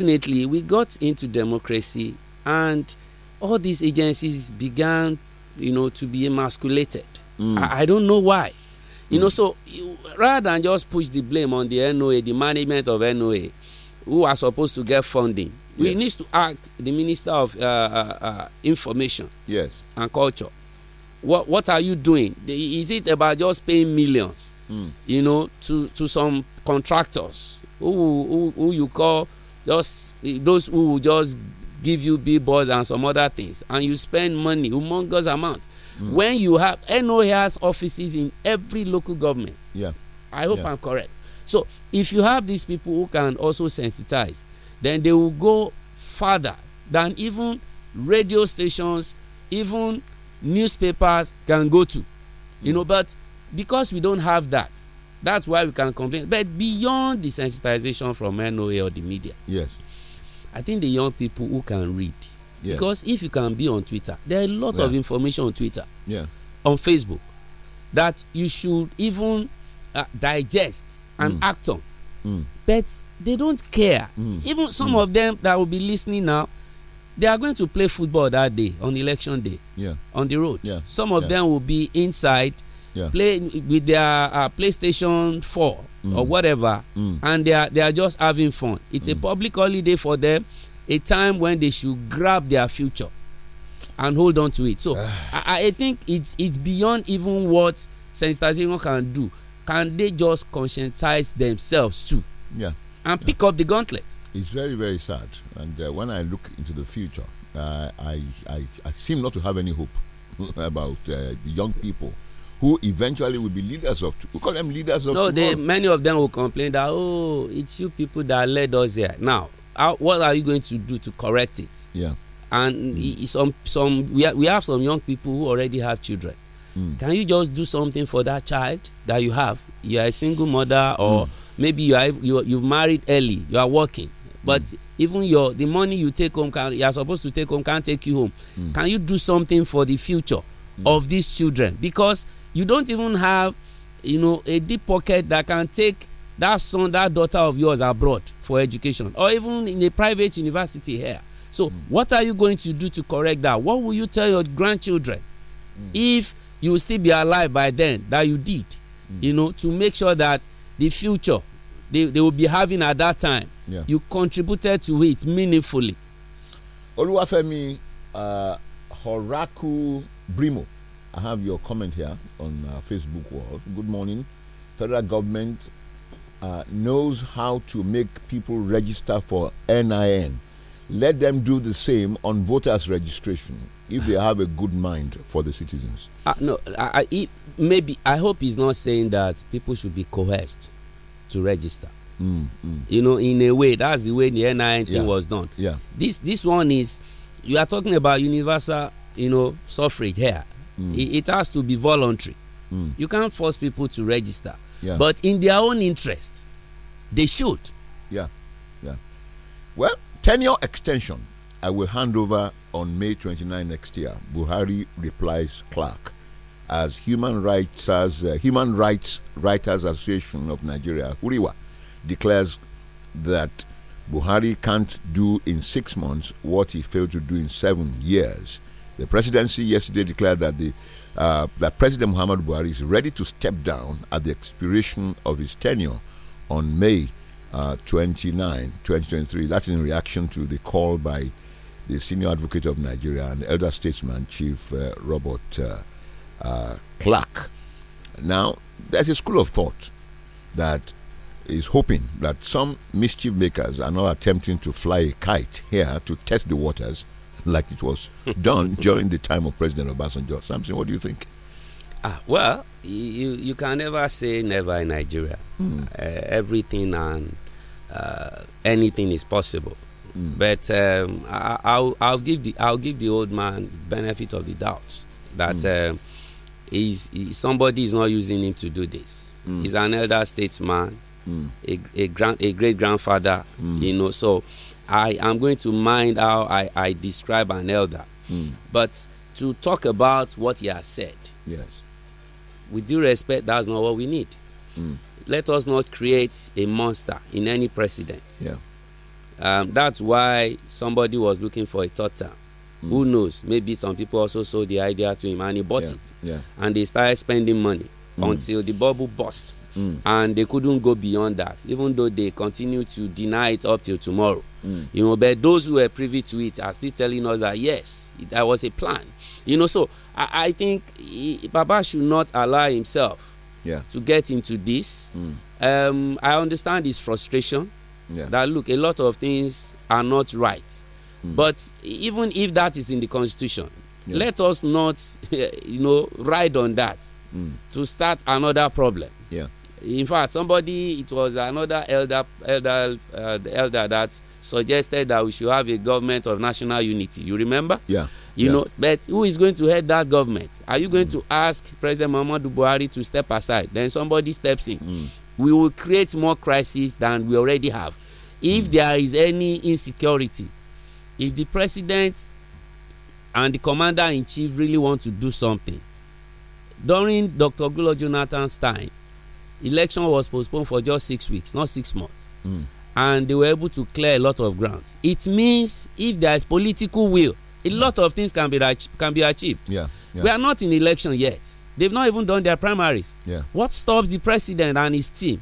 Unfortunately, we got into democracy and all these agencies began, you know, to be emasculated. Mm. I, I, don't know why. You mm. know, so rather than just push the blame on the NOA, the management of NOA, who are supposed to get funding, we yes. need to act the Minister of uh, uh, uh, Information yes. and Culture. What, what are you doing? Is it about just paying millions, mm. you know, to, to some contractors who, who, who you call just those who will just give you big billboards and some other things and you spend money humongous amount mm. when you have NO has offices in every local government yeah I hope yeah. I'm correct so if you have these people who can also sensitize then they will go further than even radio stations even newspapers can go to you mm. know but because we don't have that That's why we can complain. But beyond the sensitization from NOA or the media, yes, I think the young people who can read. Yes. Because if you can be on Twitter, there are a lot yeah. of information on Twitter, yeah, on Facebook, that you should even uh, digest and mm. act on. Mm. But they don't care. Mm. Even some mm. of them that will be listening now, they are going to play football that day on election day yeah. on the road. Yeah. Some of yeah. them will be inside yeah. play with their uh, PlayStation 4 mm. or whatever, mm. and they are, they are just having fun. It's mm. a public holiday for them, a time when they should grab their future and hold on to it. So ah. I, I, think it's, it's beyond even what sensitization can do. Can they just conscientize themselves too? Yeah. And yeah. pick up the gauntlet. It's very, very sad. And uh, when I look into the future, uh, I, I, I seem not to have any hope about uh, the young people who eventually will be leaders of we call them leaders of no they, many of them will complain that oh it's you people that led us here now how, what are you going to do to correct it yeah and mm. some some we, ha we have some young people who already have children mm. can you just do something for that child that you have you are a single mother or mm. maybe you are you you've married early you are working but hmm. even your the money you take home can you are supposed to take home can't take you home hmm. can you do something for the future hmm. of these children because you don't even have you know a deep pocket that can take that son that daughter of yours abroad for education or even in a private university here so mm. what are you going to do to correct that what will you tell your grandchildren mm. if you will still be alive by then that you did mm. you know to make sure that the future they, they will be having at that time yeah. you contributed to it meaningfully. Oluwafemi uh, horaku brimo I have your comment here on uh, Facebook wall. Good morning. Federal government uh, knows how to make people register for NIN. Let them do the same on voters registration if they have a good mind for the citizens. Uh, no, I, I, maybe I hope he's not saying that people should be coerced to register. Mm, mm. You know, in a way, that's the way the NIN thing yeah. was done. Yeah. This this one is you are talking about universal, you know, suffrage here Mm. It, it, has to be voluntary. Mm. You can't force people to register. Yeah. But in their own interest, they should. Yeah. Yeah. Well, tenure extension. I will hand over on May 29 next year. Buhari replies Clark. As Human Rights as uh, Human Rights Writers Association of Nigeria, Huriwa, declares that Buhari can't do in six months what he failed to do in seven years. The presidency yesterday declared that the uh, that President Muhammad Buhari is ready to step down at the expiration of his tenure on May uh, 29, 2023. That's in reaction to the call by the senior advocate of Nigeria and elder statesman, Chief uh, Robert uh, uh, Clark. Now, there's a school of thought that is hoping that some mischief makers are now attempting to fly a kite here to test the waters like it was done during the time of President Obasanjo. Samson, what do you think? Ah, well, you you can never say never in Nigeria. Mm. Uh, everything and uh, anything is possible. Mm. But um, I, will I'll give the I'll give the old man benefit of the doubt that mm. he's, he, somebody is not using him to do this. Hmm. He's an elder statesman, hmm. a, a, grand, a great grandfather, hmm. you know. So I am going to mind how I, I describe an elder. Mm. But to talk about what he has said, yes, with due respect, that's not what we need. Mm. Let us not create a monster in any president. Yeah. Um, that's why somebody was looking for a third Mm. Who knows? Maybe some people also sold the idea to him and he bought yeah. it. Yeah. And they started spending money hmm. until the bubble burst Mm. and they couldn't go beyond that even though they continue to deny it up till tomorrow mm. you know but those who were privy to it are still telling us that yes that was a plan you know so i, I think he, baba should not allow himself yeah. to get into this mm. um, i understand his frustration yeah. that look a lot of things are not right mm. but even if that is in the constitution yeah. let us not you know ride on that mm. to start another problem yeah in fact somebody it was another elder elder uh, elder that suggested that we should have a government of national unity you remember yeah you yeah. know but who is going to head that government are you going mm. to ask president muhammadu buhari to step aside then somebody steps in mm. we will create more crises than we already have if mm. there is any insecurity if the president and the commander in chief really want to do something during dr gulo jonathan's time election was postponed for just six weeks not six months mm. and they were able to clear a lot of grounds it means if there is political will a hmm. lot of things can be can be achieved yeah, yeah. we are not in election yet they've not even done their primaries yeah. what stops the president and his team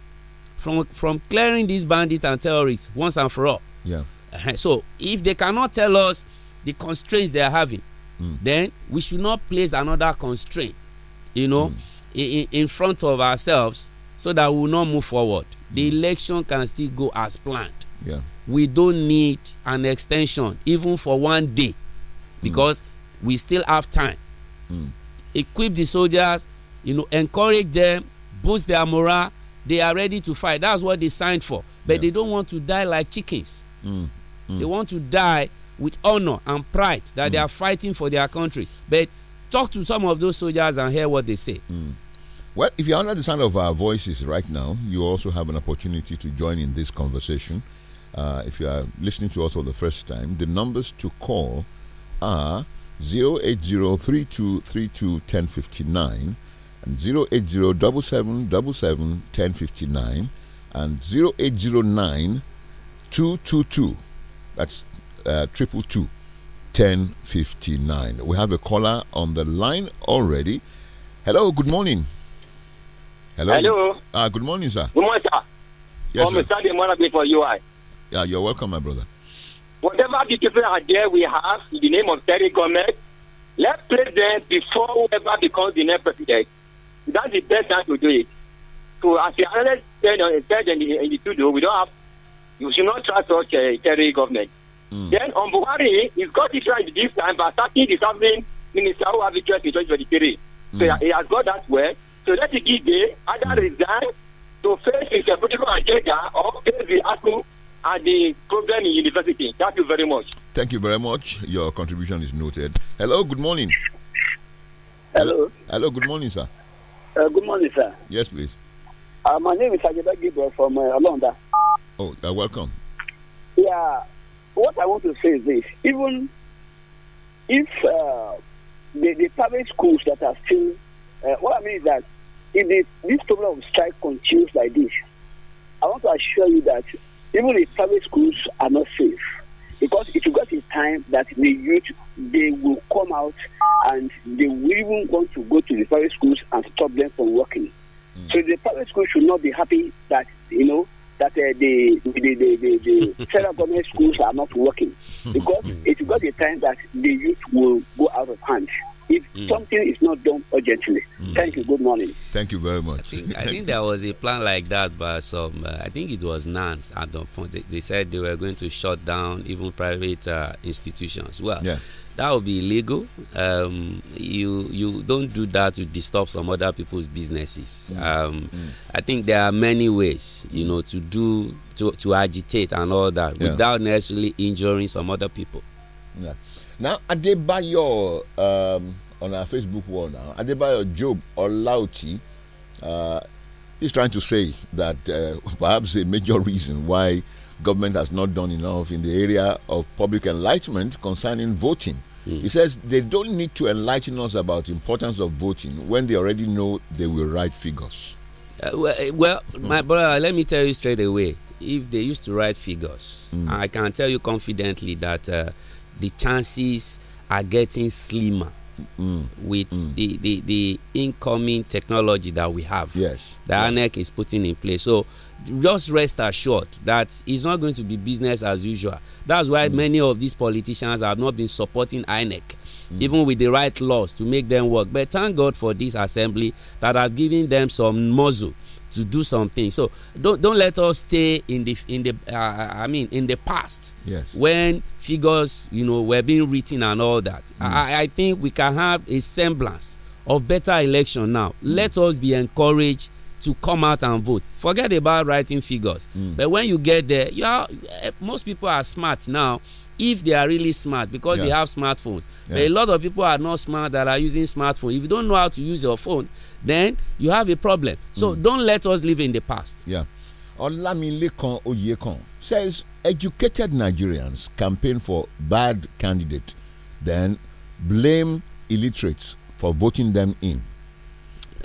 from from clearing these bandits and terrorists once and for all yeah. Uh-huh. so if they cannot tell us the constraints they are having mm. then we should not place another constraint you know mm. in, in front of ourselves so that we will not move forward. The mm. election can still go as planned. Yeah. We don't need an extension even for one day mm. because mm. we still have time. Mm. Equip the soldiers, you know, encourage them, boost their morale. They are ready to fight. That's what they signed for. But yeah. they don't want to die like chickens. Mm. mm. They want to die with honor and pride that they are fighting for their country. But talk to some of those soldiers and hear what they say. Well, if you're under the sound of our voices right now, you also have an opportunity to join in this conversation. Uh, if you are listening to us for the first time, the numbers to call are 08032321059 and 08077771059 and 08092222 that's uh, triple two 1059 we have a caller on the line already hello good morning Hello. Hello. Uh, good morning, sir. Good morning, sir. Yes, From sir. Saturday morning for you. I. Yeah, you're welcome, my brother. Whatever beautiful idea we have in the name of Terry Gomez. let's place them before whoever becomes the next president. That's the best time to do it. So as the analyst said uh, in the, in the studio, we don't have, you should not trust such a Terry government. Mm. Then on Buhari, he's got it right this time by attacking the serving minister who the interest in 2023. Mm. So hmm. he has got that well. So let the Gige either resign to face his political agenda or face the issue and the problem in university. Thank you very much. Thank you very much. Your contribution is noted. Hello, good morning. Hello. Hello, good morning, sir. Uh, good morning, sir. Yes, please. Uh, my name is Ajeda Gabriel from uh, London. Oh, uh, welcome. Yeah, what I want to say is this. Even if uh, the, the private schools that are still, uh, what I mean is that if the, this problem of strike continues like this, I want to assure you that even the private schools are not safe because it will get a time that the youth they will come out and they will even want to go to the private schools and stop them from working. Mm. So the private schools should not be happy that you know that uh, the the the, the, the federal government schools are not working hmm. because it will get a time that the youth will go out of hand if mm. something is not done urgently. Mm. Thank you. Good morning. Thank you very much. I think, I think there was a plan like that by some, uh, I think it was Nance at the point. They, they, said they were going to shut down even private uh, institutions. Well, yeah. that would be illegal. Um, you, you don't do that to disturb some other people's businesses. Mm. I think there are many ways, you know, to do, to, to agitate and all that yeah. without necessarily injuring some other people. Yeah. Now, Adebayo um, on our Facebook wall now, Adebayo Job or uh, is trying to say that uh, perhaps a major reason why government has not done enough in the area of public enlightenment concerning voting. Mm. He says they don't need to enlighten us about importance of voting when they already know they will write figures. Uh, well, eh, well mm. my brother, let me tell you straight away. If they used to write figures, mm. I can tell you confidently that uh, the chances are getting slimmer mm. with mm. The, the, the incoming technology that we have. Yes. That yes. ANEC is putting in place. So just rest assured that it's not going to be business as usual. That's why mm. many of these politicians have not been supporting INEC. Mm. Even with the right laws to make them work. But thank God for this assembly that are giving them some muzzle to do something. So don't don't let us stay in the in the uh, I mean in the past. Yes. When figures you know were being written and all that mm. I, I think we can have a semblance of better election now mm. let us be encouraged to come out and vote forget about writing figures mm. but when you get there you are eh, most people are smart now if they are really smart because yeah. they have smartphones yeah. but a lot of people are not smart that are using smartphones. if you don't know how to use your phone then you have a problem so mm. don't let us live in the past. Yeah. ọlámilékan oyèkan says educated Nigerians campaign for bad candidate, then blame illiterates for voting them in.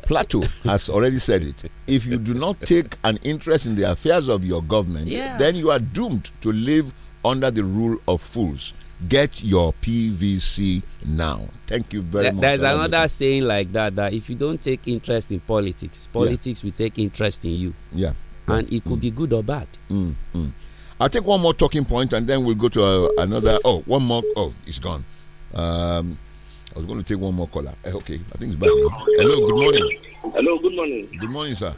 Plato has already said it. If you do not take an interest in the affairs of your government, yeah. then you are doomed to live under the rule of fools. Get your PVC now. Thank you very much. There's another saying like that that if you don't take interest in politics, politics yeah. will take interest in you. Yeah. And it could mm. be good or bad. Mm. Mm. I'll take one more talking point and then we'll go to uh, another. Oh, one more. Oh, it's gone. Um, I was going to take one more caller. Eh, okay, I think it's back now. Hello, good morning. Hello, good morning. Good morning, sir.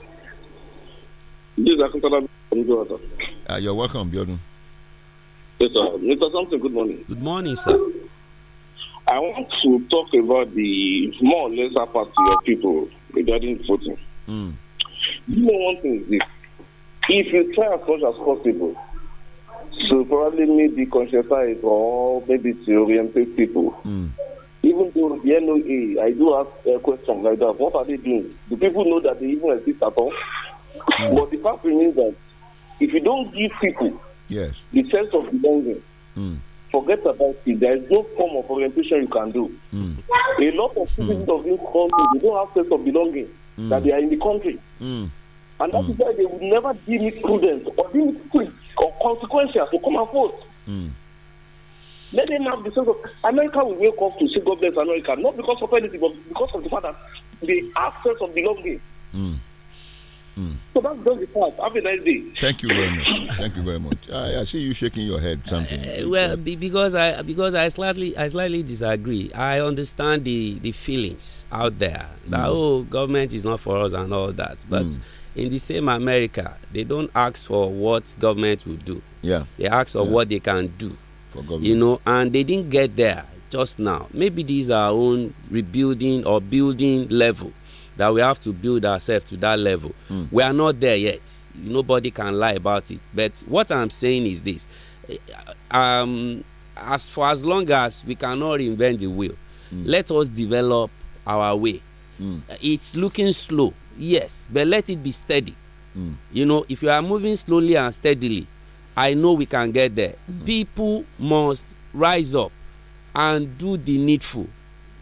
This is Akintola from uh, You're welcome, Bjorn. Yes, sir. Mr. Thompson, good morning. Good morning, sir. I want to talk about the more or less apathy of people regarding voting. Mm. You know, one thing is this. If you try as much as possible So probably maybe Concheta is or maybe to orientate people. Mm. Even though the NOA, I do have a uh, question like that. What are they doing? Do people know that they even exist at all? Mm. But the fact remains that if you don't give people yes. the sense of belonging, mm. forget about it. There is no form of orientation you can do. Hmm. A lot of people mm. of this country, they don't have sense of belonging hmm. that they are in the country. Hmm. And that mm. is why they will never deem it prudent or deem it quick or consequential to come and vote. Mm. Let them have the sense of America will wake up to see God bless America, not because of anything, but because of the fact that the absence of belonging. Mm. Mm. So that's just the part. Have a nice day. Thank you very much. Thank you very much. I, I see you shaking your head. Something. Uh, well, because I because I slightly I slightly disagree. I understand the the feelings out there that mm. oh government is not for us and all that, but. Mm. in the same america they don't ask for what government will do yeah they ask for yeah. what they can do for government you know and they didn't get there just now maybe this our own rebuilding or building level that we have to build ourselves to that level mm. we are not there yet nobody can lie about it but what i'm saying is this eh, um, as for as long as we cannot reinvent the wheel mm. let us develop our way mm. it's looking slow yes but let it be steady mm. you know if you are moving slowly and steadily i know we can get there mm. people must rise up and do the needful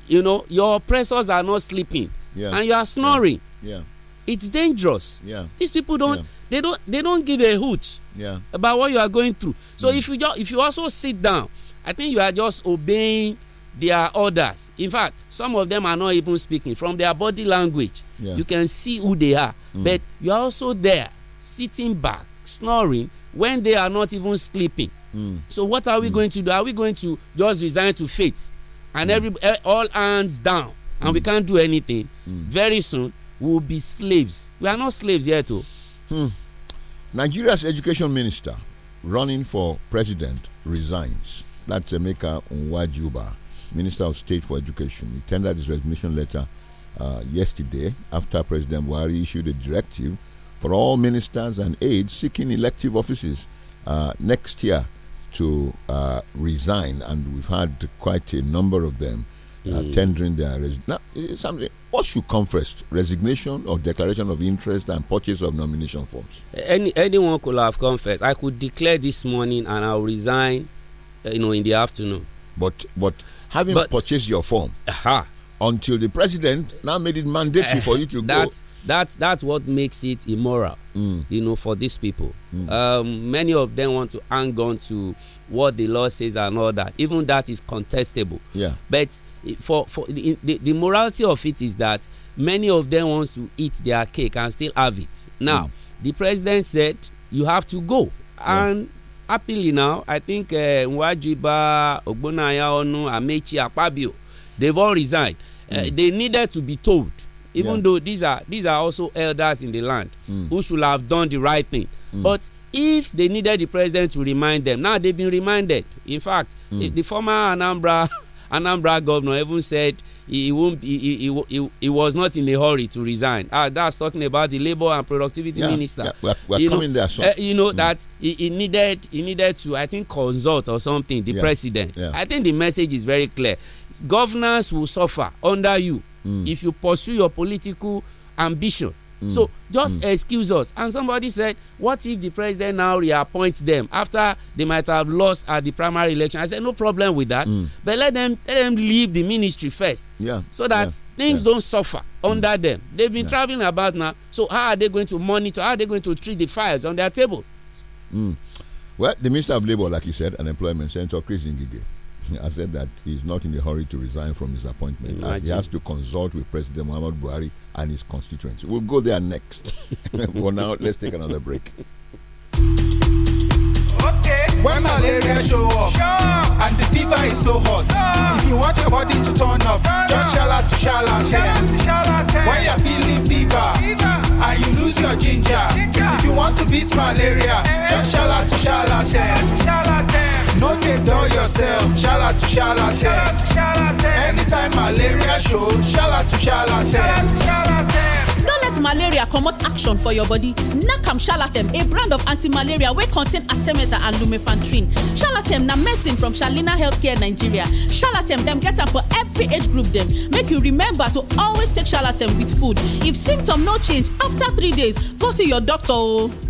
you know your oppressors are not sleeping yeah. and you are snoring yeah. yeah. it's dangerous yeah. these people don't yeah. they don't they don't give a hoot yeah. about what you are going through so mm. if you just if you also sit down i think you are just obeying their orders in fact some of them are not even speaking from their body language yeah. you can see who they are mm. but you are also there sitting back snoring when they are not even sleeping mm. so what are we mm. going to do are we going to just resign to fate and mm. every all hands down and we mm. can't do anything mm. very soon we will be slaves we are not slaves yet oh. Hmm. nigeria's education minister running for president resigns that's Emeka Nwajuba. Minister of State for Education, he tendered his resignation letter uh, yesterday after President Buhari issued a directive for all ministers and aides seeking elective offices uh, next year to uh, resign, and we've had quite a number of them uh, mm. tendering their resignation. What should come first, resignation or declaration of interest and purchase of nomination forms? Any anyone could have come first. I could declare this morning, and I'll resign, uh, you know, in the afternoon. But but having but, purchased your form. Uh-huh. Until the president now made it mandatory uh, for you to that's, go. That's that's that's what makes it immoral, mm. you know, for these people. Mm. Um, many of them want to hang on to what the law says and all that. Even that is contestable. Yeah. But for for the, the, the morality of it is that many of them wants to eat their cake and still have it. Now, mm. the president said you have to go, and yeah happily now, I think uh, eh, Nwajiba, Ogbonayonu, Amechi, Akpabio, they've all resigned. Mm. Uh, they needed to be told, even yeah. though these are these are also elders in the land mm. who should have done the right thing. Mm. But if they needed the president to remind them, now they've been reminded. In fact, hmm. the, the former Anambra Anambra governor even said he, won't he, he, he, he, was not in a hurry to resign ah that's talking about the labor and productivity yeah, minister yeah, we're, we're you, coming know, there, so. uh, eh, you know mm. that he, he, needed he needed to i think consult or something the yeah, president yeah. i think the message is very clear governance will suffer under you mm. if you pursue your political ambition Mm. So just mm. excuse us. And somebody said, what if the president now reappoints them after they might have lost at the primary election? I said, no problem with that. Mm. But let them let them leave the ministry first. Yeah. So that yeah. things yeah. don't suffer under mm. them. They've been traveling about now. So how are they going to monitor? How are they going to treat the files on their table? Mm. Well, the Minister of Labour, like you said, and Employment, Senator Chris Ngige, has said that he's not in a hurry to resign from his appointment as he has to consult with President Muhammad Buhari and his constituents. We'll go there next. For now, let's take another break. Okay. When malaria show up sure. and the fever is so hot, sure. if you want your body to turn up, turn just out to shala ten. When you're feeling fever, fever, and you lose your ginger, ginger, if you want to beat malaria, eh. just out to shala ten. can do yourself. Shout to charlatan. Anytime malaria show, shout to charlatan. No let malaria comot action for your body. Nakam Shalatem, a brand of anti-malaria where contain artemata and lumefantrine. Shalatem na medicine from Shalina Healthcare Nigeria. Shalatem them get am for every age group them. Make you remember to always take Shalatem with food. If symptom no change after three days, go see your doctor o. Oh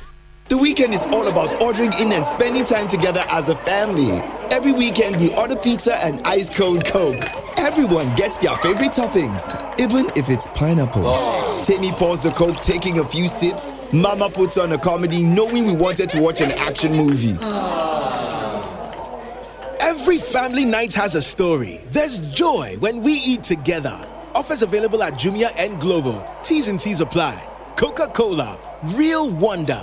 The weekend is all about ordering in and spending time together as a family. Every weekend, we order pizza and ice cold Coke. Everyone gets their favorite toppings, even if it's pineapple. Oh. Timmy pours the Coke, taking a few sips. Mama puts on a comedy, knowing we wanted to watch an action movie. Oh. Every family night has a story. There's joy when we eat together. Offers available at Jumia and Glovo. T's and C's apply. Coca Cola, real wonder.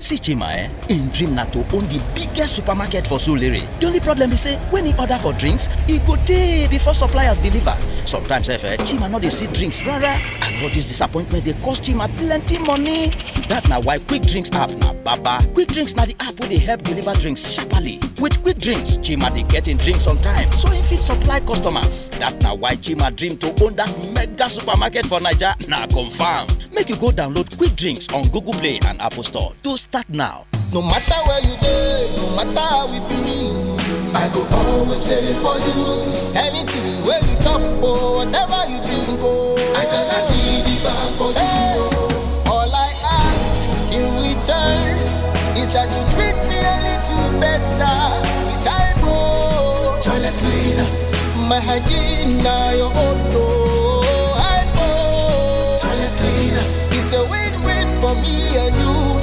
See Chima, eh? In Dream Nato own the biggest supermarket for Sulere. The only problem is, say, when he order for drinks, he go day before suppliers deliver. Sometimes, if eh, eh, Chima not dey see drinks, rara. And for this disappointment, they cost Chima plenty money. That na why Quick Drinks app na baba. Quick Drinks na the app where they help deliver drinks sharply. With Quick Drinks, Chima they get im drinks on time, so im fit supply customers. That na why Chima dream to own that mega supermarket for Naija na confirm. Make you go download Quick Drinks on Google Play and Apple Store to Start now. No matter where you go, no matter how we be, I go always there for you. Anything where you come, oh, whatever you drink, oh, I cannot give it back for hey. you. Oh. All I ask in return is that you treat me a little better. It's I oh. toilet cleaner, my hygiene now your own. Door. Oh. It's a win-win for me and you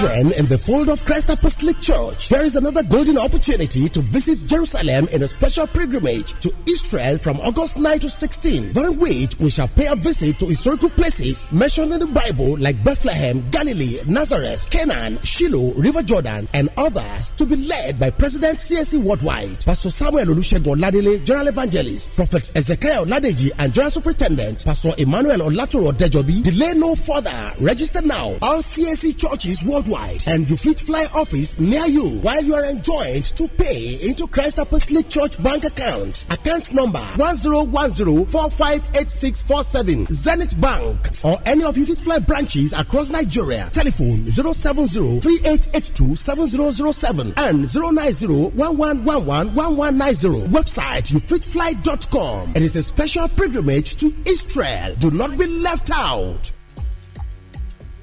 in the fold of Christ Apostolic Church, there is another golden opportunity to visit Jerusalem in a special pilgrimage to Israel from August 9 to 16, during which we shall pay a visit to historical places mentioned in the Bible like Bethlehem, Galilee, Nazareth, Canaan, Shiloh, River Jordan, and others to be led by President CSE Worldwide, Pastor Samuel Olusegun General Evangelist, Prophet Ezekiel Oladeji, and General Superintendent, Pastor Emmanuel Olatoro Dejobi. Delay no further. Register now. All CSC churches worldwide worldwide and you fit fly office near you while you are enjoined to pay into Christ Apostolic Church bank account. Account number 1010458647 Zenith Bank or any of you fit fly branches across Nigeria. Telephone 07038827007 and 09011111190. Website youfitfly.com. It is a special pilgrimage to Israel. Do not be left out.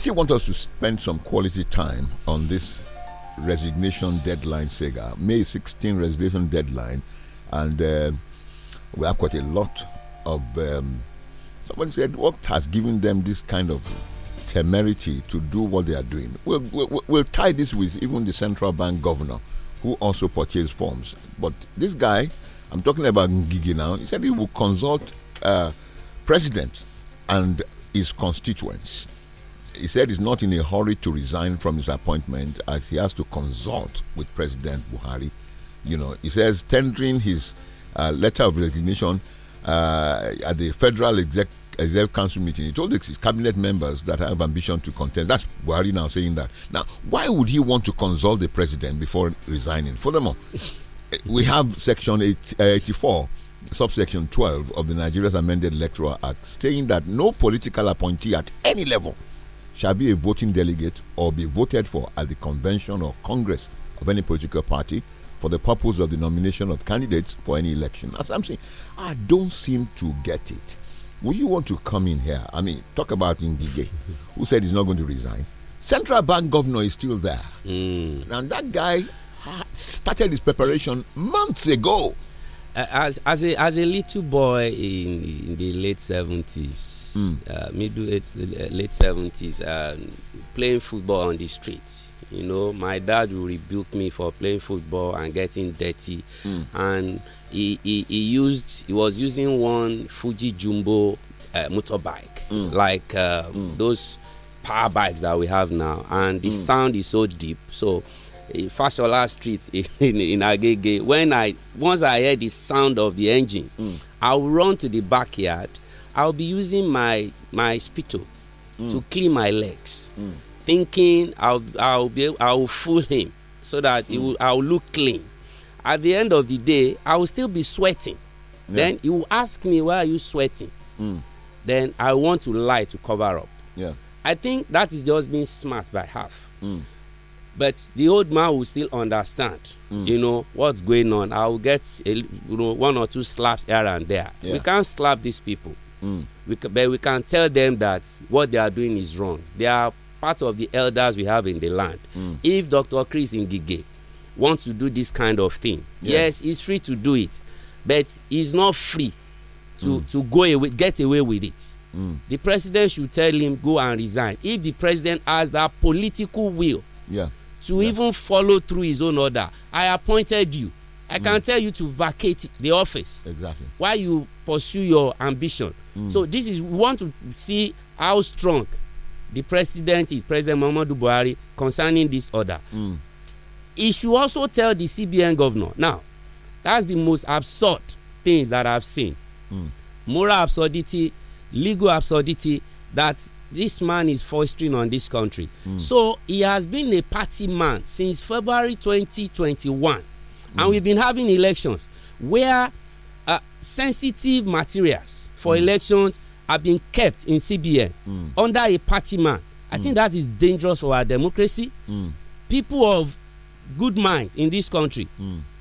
still want us to spend some quality time on this resignation deadline Sega May 16 resignation deadline, and uh, we have quite a lot of. Um, somebody said, "What has given them this kind of temerity to do what they are doing?" We'll, we'll, we'll tie this with even the central bank governor, who also purchased forms. But this guy, I'm talking about Ngigi now. He said he will consult uh, president and his constituents he said he's not in a hurry to resign from his appointment as he has to consult with President Buhari. You know, he says tendering his uh, letter of resignation uh, at the Federal Exec Executive Council meeting. He told his cabinet members that I have ambition to contest. That's Buhari now saying that. Now, why would he want to consult the president before resigning? Furthermore, we have Section 8, uh, 84 subsection 12 of the Nigeria's amended electoral act saying that no political appointee at any level shall be a voting delegate or be voted for at the convention or congress of any political party for the purpose of the nomination of candidates for any election. As I'm saying, I don't seem to get it. Would you want to come in here? I mean, talk about Ngige, who said he's not going to resign. Central bank governor is still there. Mm. And that guy started his preparation months ago. Uh, as, as, a, as a little boy in, in the late 70s, mm. Uh, middle eight, late seventies, um, playing football on the street you know my dad would rebuke me for playing football and getting dirty mm. and he, he he used he was using one fuji jumbo uh, motorbike mm. like uh, mm. those power bikes that we have now and the mm. sound is so deep so in eh, fashola street in, in, in agege when i once i hear the sound of the engine i mm. will run to the backyard I'll be using my my spittle mm. to clean my legs, mm. thinking I'll I'll be I'll fool him so that mm. will, I'll look clean. At the end of the day, I will still be sweating. Yeah. Then he will ask me, "Why are you sweating?" Mm. Then I want to lie to cover up. Yeah. I think that is just being smart by half. Mm. But the old man will still understand, mm. you know, what's going on. I will get a, you know one or two slaps here and there. Yeah. We can't slap these people. Mm. We, but we can tell them that what they are doing is wrong. They are part of the elders we have in the land. Mm. If Dr. Chris Ngige wants to do this kind of thing, yeah. yes, he's free to do it, but he's not free to, mm. to go away, get away with it. Mm. The president should tell him, go and resign. If the president has that political will yeah. to yeah. even follow through his own order, I appointed you. I can mm. tell you to vacate the office. Exactly. While you pursue your ambition. Mm. So this is we want to see how strong the president is President Muhammadu Buhari concerning this order. Mm. He should also tell the CBN governor. Now, that's the most absurd things that I've seen. Mm. Moral absurdity, legal absurdity that this man is fostering on this country. Mm. So he has been a party man since February 2021 and we've been having elections where uh, sensitive materials for hmm. elections are being kept in CBN hmm. under a party man. I think hmm. that is dangerous for our democracy. People of good mind in this country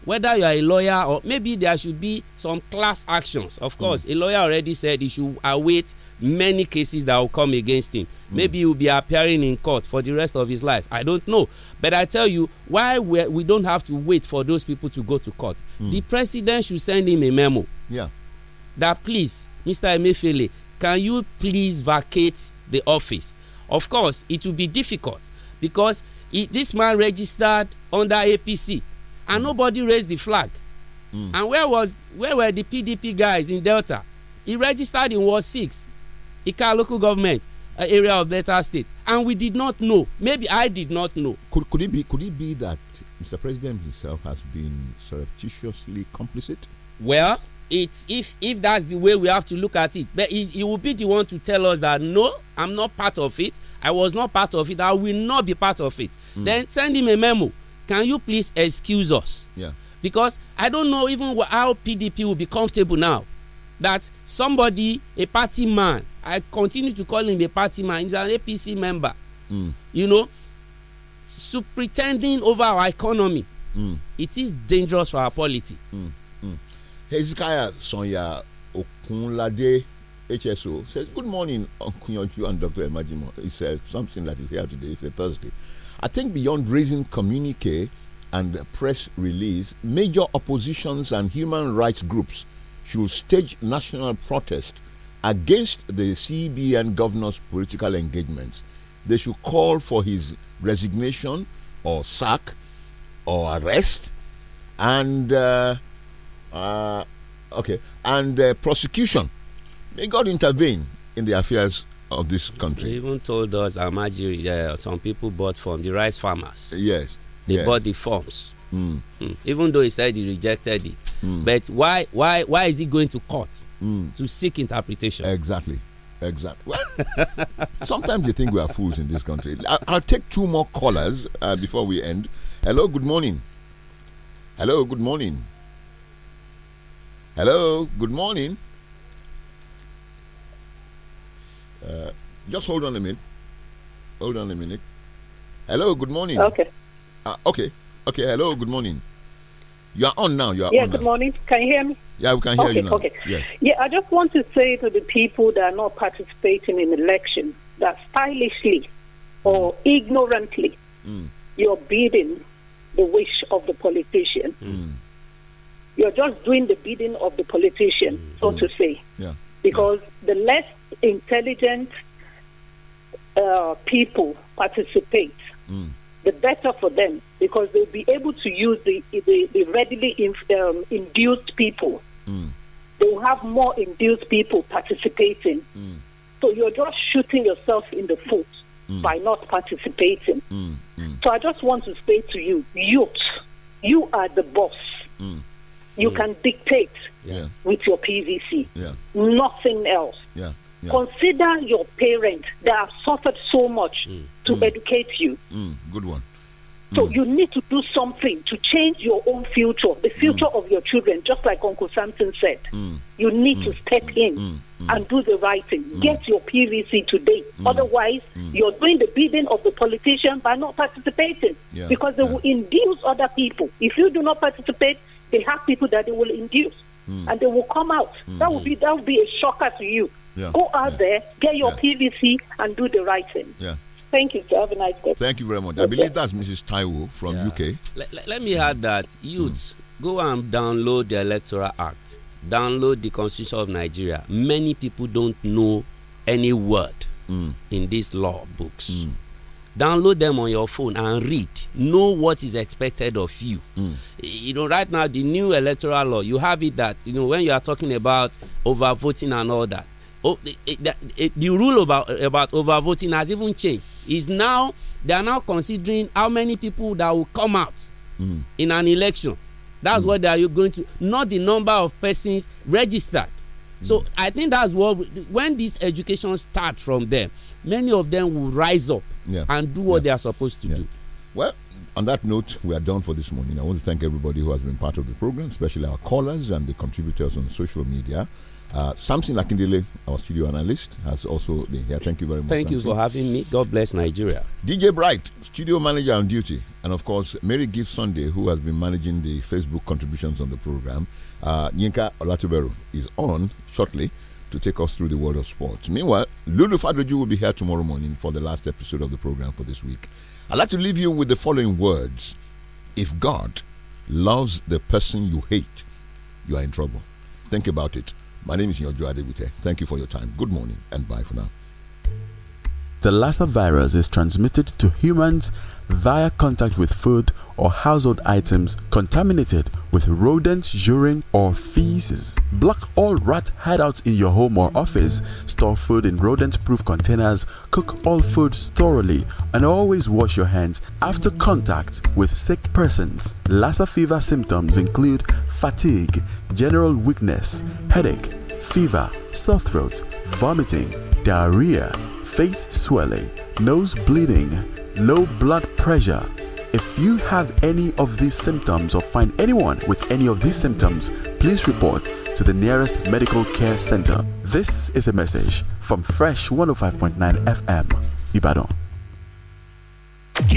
whether you are a lawyer or maybe there should be some class actions of hmm. course mm. a lawyer already said he should await many cases that will come against him mm. maybe he will be appearing in court for the rest of his life i don't know but i tell you why we don't have to wait for those people to go to court mm. the president should send him a memo yeah. that please mr emefiele can you please vacate the office of course it will be difficult because it, this man registered under apc and nobody raised the flag. Mm. And where was where were the PDP guys in Delta? He registered in Ward 6, Ika local government uh, area of Delta State, and we did not know. Maybe I did not know. Could could it be could it be that Mr. President himself has been surreptitiously complicit? Well, it's if if that's the way we have to look at it but he, he will be the one to tell us that no i'm not part of it i was not part of it i will not be part of it mm. then send him a memo can you please excuse us? Yeah. Because I don't know even how PDP will be comfortable now that somebody, a party man, I continue to call him a party man, he's an APC member, mm. you know, pretending over our economy. Mm. It is dangerous for our polity. Mm. Mm. Hezekiah Sonya Okunlade. HSO says, Good morning, Uncle Yonju and Dr. Emajimo. He says something that is here today. It's a Thursday. I think beyond raising communique and press release, major oppositions and human rights groups should stage national protest against the CBN governor's political engagements. They should call for his resignation or sack or arrest and uh, uh, okay and uh, prosecution. May God intervene in the affairs of this country. They even told us Amajiri, uh, some people bought from the rice farmers. Yes. They yes. bought the forms. Mm. Mm. Even though he said he rejected it. Mm. But why why why is he going to court hmm. to seek interpretation? Exactly. Exactly. Well, sometimes they think we are fools in this country. I, will take two more callers uh, before we end. Hello, good morning. Hello, good morning. Hello, good morning. Uh, just hold on a minute. Hold on a minute. Hello, good morning. Okay. Uh, okay. Okay, hello, good morning. You are on now. You are yeah, good now. morning. Can you hear me? Yeah, we can hear okay, you now. Okay. Yes. Yeah, I just want to say to the people that are not participating in elections that stylishly or mm. ignorantly mm. you're bidding the wish of the politician. Mm. You're just doing the bidding of the politician, mm. so to say. Yeah. Because yeah. the less intelligent uh, people participate, mm. the better for them because they'll be able to use the, the, the readily inf- um, induced people. Mm. They'll have more induced people participating. Mm. So you're just shooting yourself in the foot hmm. by not participating. Hmm. Hmm. So I just want to say to you, youth, you are the boss. You can dictate yeah. with your PVC, yeah. nothing else. Yeah. Yeah. Consider your parents that have suffered so much mm. to mm. educate you. Mm. Good one. So mm. you need to do something to change your own future, the future mm. of your children, just like Uncle Samson said. Mm. You need to step in and do the right thing. Get your PVC today. Otherwise, you're doing the bidding of the politician by not participating yeah. because they yeah. will induce other people. If you do not participate, they have people that they will induce and they will come out. That will be that will be a shocker to you. Yeah. Go out there, get your PVC, and do the right thing. Yeah. Thank you. Have a nice day. Thank you very much. I believe that's Mrs. Taiwo from UK. Let, let me add that youths mm. go and download the Electoral Act, download the Constitution of Nigeria. Many people don't know any word mm. in these law books. Mm. Download them on your phone and read. Know what is expected of you. Mm. You know, right now, the new electoral law, you have it that, you know, when you are talking about overvoting and all that, oh, it, it, it, the rule about about over voting has even changed. Is now they are now considering how many people that will come out mm. in an election. That's mm. what they are going to not the number of persons registered. Mm. So I think that's what when this education starts from them, many of them will rise up yeah. and do what yeah. they are supposed to yeah. do. Well, on that note, we are done for this morning. I want to thank everybody who has been part of the program, especially our callers and the contributors on social media. Uh, Samson Akindele, our studio analyst, has also been here. Thank you very much. Thank Samson. you for having me. God bless Nigeria. DJ Bright, studio manager on duty, and of course Mary Gift Sunday, who has been managing the Facebook contributions on the program. Uh, Yinka Olatuberu is on shortly to take us through the world of sports. Meanwhile, Lulu Fadoju will be here tomorrow morning for the last episode of the program for this week. I'd like to leave you with the following words If God loves the person you hate, you are in trouble. Think about it. My name is Nyojo Adebute. Thank you for your time. Good morning and bye for now. The Lassa virus is transmitted to humans via contact with food or household items contaminated with rodent urine or feces. Block all rat hideouts in your home or office, store food in rodent proof containers, cook all food thoroughly, and always wash your hands after contact with sick persons. Lassa fever symptoms include fatigue, general weakness, headache, fever, sore throat, vomiting, diarrhea, face swelling, nose bleeding, low blood pressure. If you have any of these symptoms or find anyone with any of these symptoms, please report to the nearest medical care center. This is a message from Fresh 105.9 FM, Ibadan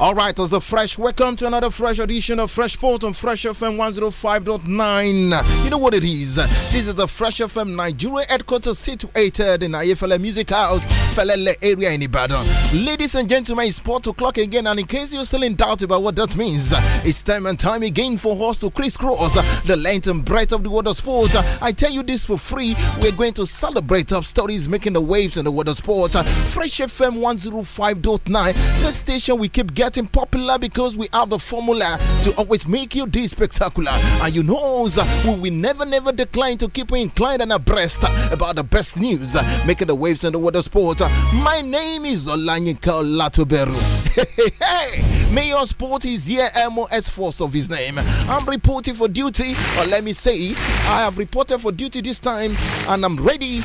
All right, as a fresh welcome to another fresh edition of Fresh Port on Fresh FM 105.9. You know what it is? This is the Fresh FM Nigeria headquarters situated in IFLA Music House, Felele area in Ibadan. Ladies and gentlemen, it's port o'clock again, and in case you're still in doubt about what that means, it's time and time again for us to crisscross the length and breadth of the world of sport. I tell you this for free, we're going to celebrate top stories making the waves in the world of sport. Fresh FM 105.9, the station we keep getting getting popular because we have the formula to always make you this spectacular. And you know, we will never, never decline to keep you inclined and abreast about the best news making the waves in the water sport. My name is Olanyika Latuberu. Hey, hey, hey. Mayor Sport is here, MOS force of his name. I'm reporting for duty, or let me say, I have reported for duty this time, and I'm ready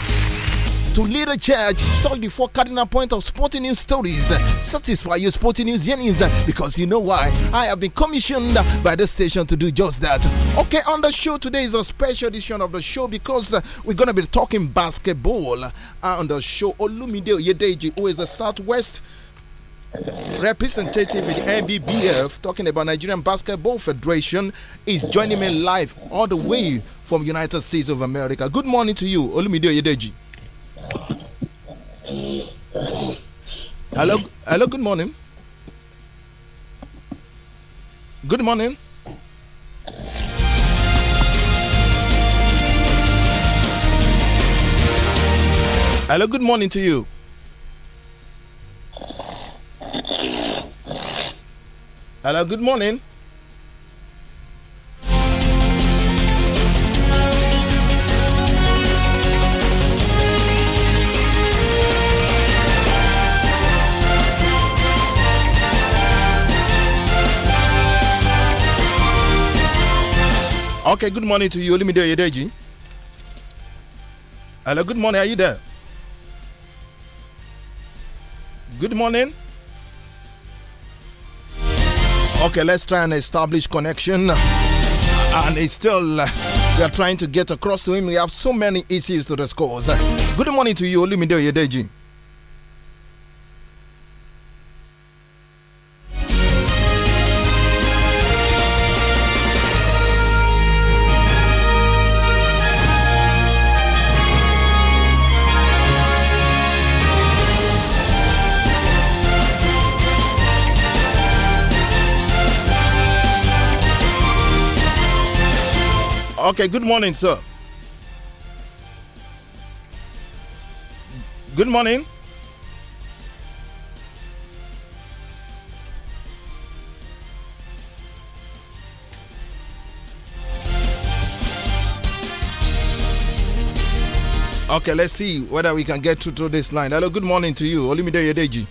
to lead the church. Talk before cardinal point of sporting news stories. Satisfy your sporting news yearnings because you know why. I have been commissioned by the station to do just that. Okay, on the show today is a special edition of the show because we're going to be talking basketball ah, on the show. Olumide Oyedeji, who is a Southwest representative with NBBF talking about Nigerian Basketball Federation is joining me live all the way from United States of America. Good morning to you, Olumide Oyedeji. Hello, hello. Good morning. Good morning. Hello. Good morning to you. Hello. Good morning. Okay, good morning to you, Olimide Jin. Hello, good morning. Are you there? Good morning. Okay, let's try and establish connection. And it's still, uh, we are trying to get across to him. We have so many issues to discuss. Good morning to you, Olimide Jin. Okay, good morning, sir. Good morning. Okay, let's see whether we can get through to this line. Hello, good morning to you. Olimide Yedeji.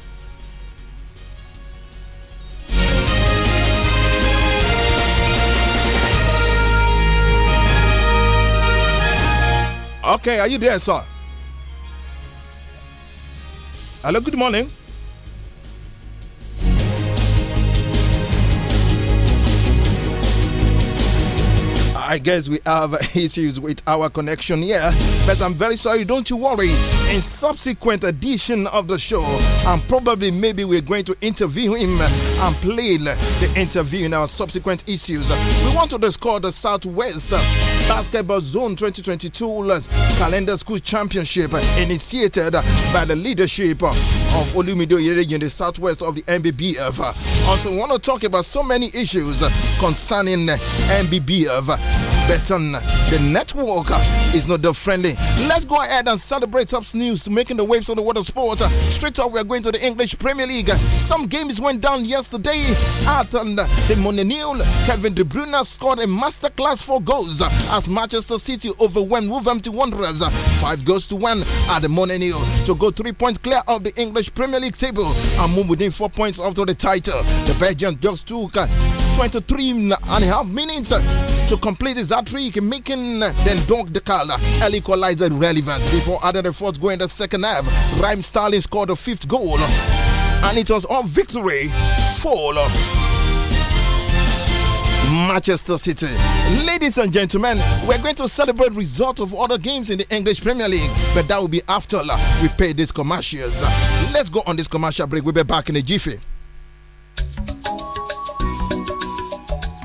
Okay, are you there, sir? Hello, good morning. I guess we have issues with our connection here, but I'm very sorry. Don't you worry. In subsequent edition of the show, and probably maybe we're going to interview him and play the interview in our subsequent issues. We want to discuss the Southwest Basketball Zone 2022 Calendar School Championship initiated by the leadership of Olumide Yeregi in the southwest of the MBBF. Also, want to talk about so many issues concerning MBBF the network is not that friendly. Let's go ahead and celebrate Top's news, making the waves on the world of sport. Straight up, we are going to the English Premier League. Some games went down yesterday. At the Monenil, Kevin De Bruyne scored a masterclass four goals as Manchester City overwhelmed Wolverhampton Wanderers. Five goals to one at the Monenil to go three points clear of the English Premier League table and move within four points after the title. The Belgians just took 23 and a half minutes to complete his hat-trick, making then Dunk the El equalizer relevant before adding the fourth goal in the second half. Rhyme Sterling scored the fifth goal, and it was all victory for Manchester City. Ladies and gentlemen, we're going to celebrate results of other games in the English Premier League, but that will be after we pay these commercials. Let's go on this commercial break. We'll be back in a jiffy.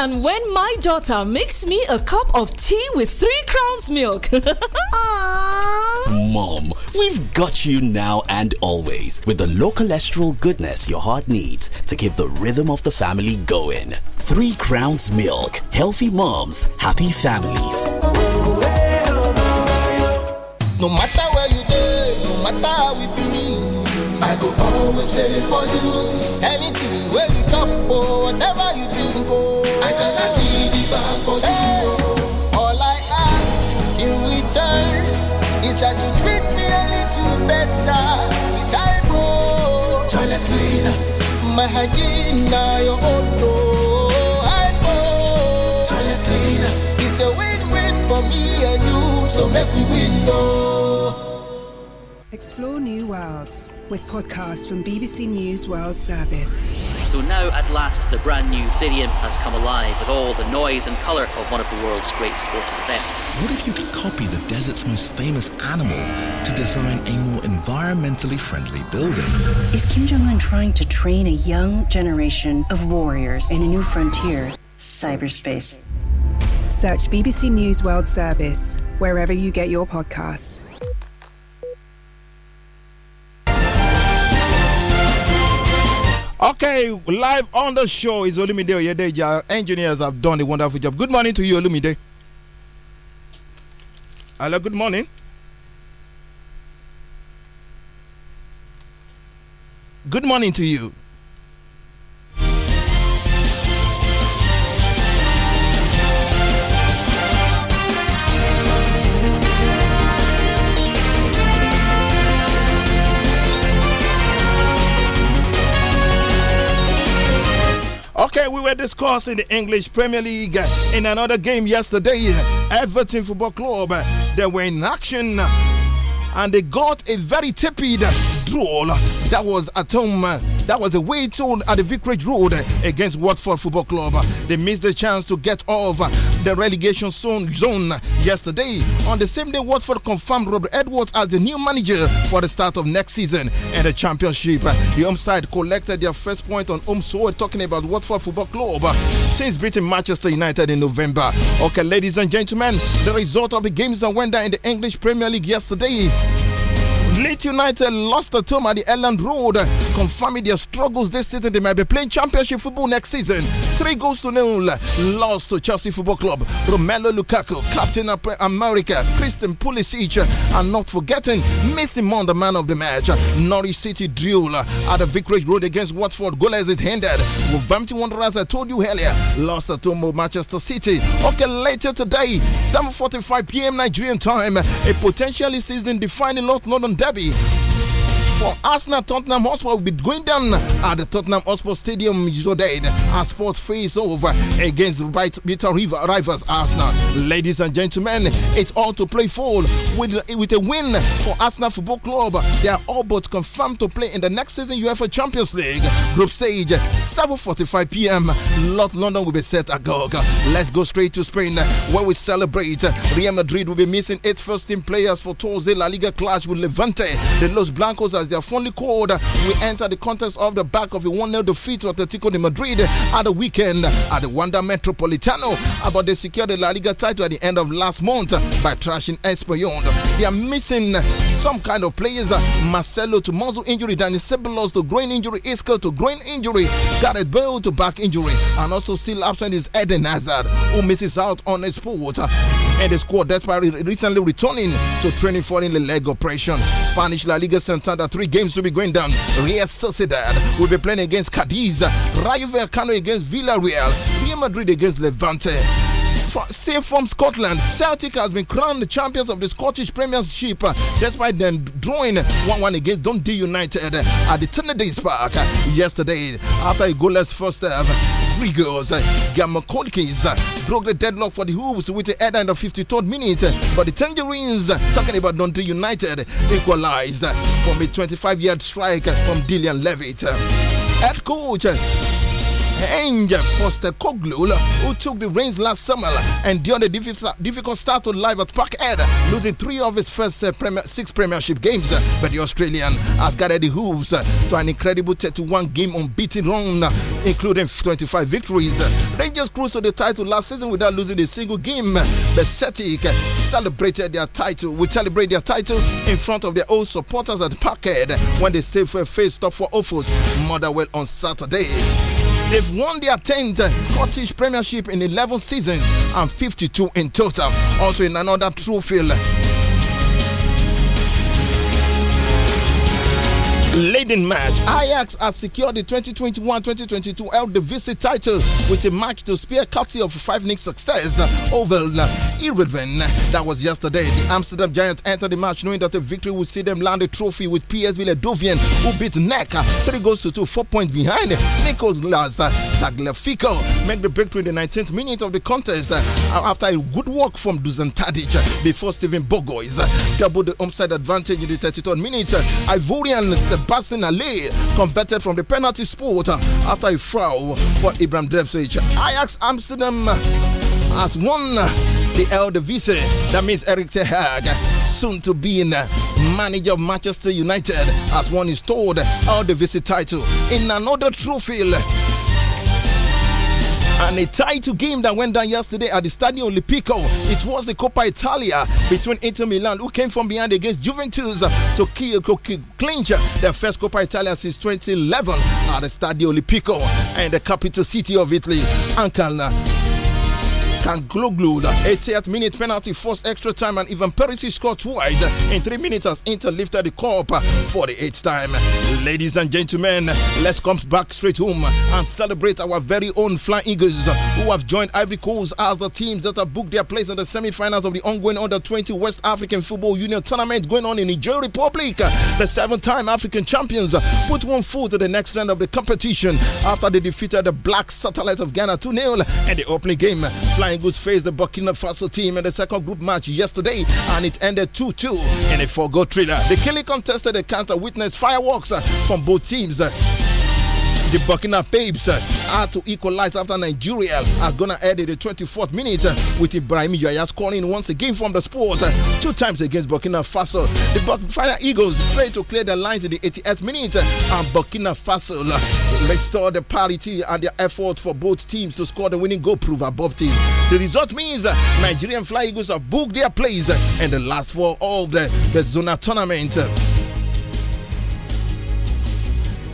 and when my daughter makes me a cup of tea with three crowns milk. Aww. Mom, we've got you now and always with the low cholesterol goodness your heart needs to keep the rhythm of the family going. Three crowns milk. Healthy moms, happy families. No matter where you go, no matter how we be, I go always ready for you. Anything where you jump or oh, whatever you drink, go. Oh. mahajina yo odo oh, oh, I owe. Toilet cleaner. It's a win-win for me and you, so make we win, oh. Explore new worlds with podcasts from BBC News World Service. So now, at last, the brand new stadium has come alive with all the noise and colour of one of the world's great sporting events. What if you could copy the desert's most famous animal to design a more environmentally friendly building? Is Kim Jong un trying to train a young generation of warriors in a new frontier, cyberspace? Search BBC News World Service wherever you get your podcasts. Okay, live on the show is Olumide Oyedeja. Engineers have done a wonderful job. Good morning to you, Olumide. Hello, good morning. Good morning to you. Okay, we were discussing the English Premier League in another game yesterday. Everton Football Club, they were in action and they got a very tepid draw that was at home that was a way on at the Vicarage Road against Watford Football Club. They missed the chance to get over the relegation zone, zone yesterday. On the same day, Watford confirmed Robert Edwards as the new manager for the start of next season and the championship. The home side collected their first point on home soil, talking about Watford Football Club since beating Manchester United in November. Okay, ladies and gentlemen, the result of the games that went down in the English Premier League yesterday. Leeds United lost at home at the Elland Road, confirming their struggles this season. They might be playing championship football next season. Three goals to nil, lost to Chelsea Football Club. Romelu Lukaku, captain of America, Christian Pulisic, and not forgetting Missy Mon, the man of the match. Norwich City duel at the Vicarage Road against Watford. Goal is hindered. Wolverhampton Wanderers, I told you earlier, lost at home to Manchester City. Okay, later today, 7:45 p.m. Nigerian time, a potentially season-defining North London derby Debbie for Arsenal Tottenham Hotspur will be going down at the Tottenham Hotspur Stadium today as sports face over against bitter river rivals Arsenal. Ladies and gentlemen, it's all to play for with, with a win for Arsenal Football Club. They are all but confirmed to play in the next season UEFA Champions League group stage 7:45 p.m. Lot London will be set agog. Let's go straight to Spain where we celebrate. Real Madrid will be missing eight first team players for Thursday La Liga clash with Levante. The Los Blancos as they are fondly called, we enter the contest of the back of a 1 0 defeat to Atletico de Madrid at the weekend at the Wanda Metropolitano. But they secured the La Liga title at the end of last month by trashing Espanyol. They are missing some kind of players. Uh, Marcelo to muscle injury, Danny Ceballos to groin injury, Isco to groin injury, Gareth Bale to back injury, and also still absent is Eden Hazard, who misses out on his pool water and the squad despite recently returning to training following the leg operation. Spanish La Liga Santander, three games will be going down. Real Sociedad will be playing against Cadiz, Rayo Vallecano against Villarreal, Real Madrid against Levante. Safe from Scotland, Celtic has been crowned the champions of the Scottish Premiership uh, despite them drawing 1 1 against Dundee United uh, at the Trinidad Park uh, yesterday after a goalless first half. Rigos Gamakonkis broke the deadlock for the Hoops with the header in the 53rd minute, but the Tangerines, talking about Dundee United, equalized from a 25 yard strike from Dillian Levitt. Head coach Henge Koglu, who took the reins last summer, and during the difficult start to life at Parkhead, losing three of his first uh, premier, six Premiership games. Uh, but the Australian has gathered the hooves uh, to an incredible 31 game unbeaten run, including 25 victories. Rangers cruised to the title last season without losing a single game. But Celtic celebrated their title. We celebrate their title in front of their old supporters at Parkhead when they face off for offers Motherwell on Saturday. They've won their 10th Scottish Premiership in 11 seasons and 52 in total. Also in another true field, Leading match, Ajax has secured the 2021-2022 LDVC title with a match to spare courtesy of 5 nick success over Eredivisie. That was yesterday. The Amsterdam Giants entered the match knowing that a victory would see them land a trophy with PSV Eindhoven who beat NEC 3 goals to 2, 4 points behind. Nicolas Tagliafico made the breakthrough in the 19th minute of the contest after a good work from Dusan Tadic before Steven Bogois doubled the offside advantage in the 33rd minute. Ivorian Bastin Ali converted from the penalty spot after a foul for Ibrahim Drevsic. Ajax Amsterdam has won the LDVC. That means Eric Ter Hag, soon to be in uh, manager of Manchester United, has won his third LDVC title in another trophy And a title game that went down yesterday at the Stadio Olimpico. It was the Coppa Italia between Inter Milan, who came from behind against Juventus to clinch their first Coppa Italia since 2011 at the Stadio Olimpico and the capital city of Italy, Ancona. Kangloglu, 88th minute penalty, forced extra time, and even Perisic scored twice in three minutes as Inter lifted the cup for the eighth time. Ladies and gentlemen, let's come back straight home and celebrate our very own Flying Eagles who have joined Ivory Coast as the teams that have booked their place in the semi-finals of the ongoing Under 20 West African Football Union tournament going on in Nigeria Republic. The seven-time African champions put one foot to the next round of the competition after they defeated the Black Satellite of Ghana 2-0 in the opening game. Flying Angus faced the Burkina Faso team in the second group match yesterday and it ended 2 2 in a four goal thriller. The Kelly contested counter, witnessed fireworks uh, from both teams. Uh, The Burkina Babes had uh, to equalize after Nigeria has gone ahead in the 24th minute uh, with Ibrahim Yaya scoring once again from the sport uh, two times against Burkina Faso. The Burkina Eagles failed to clear the lines in the 88th minute and Burkina Faso restored the parity and their effort for both teams to score the winning goal prove above team. The result means Nigerian Fly Eagles have booked their place in the last four of the, the Zona tournament.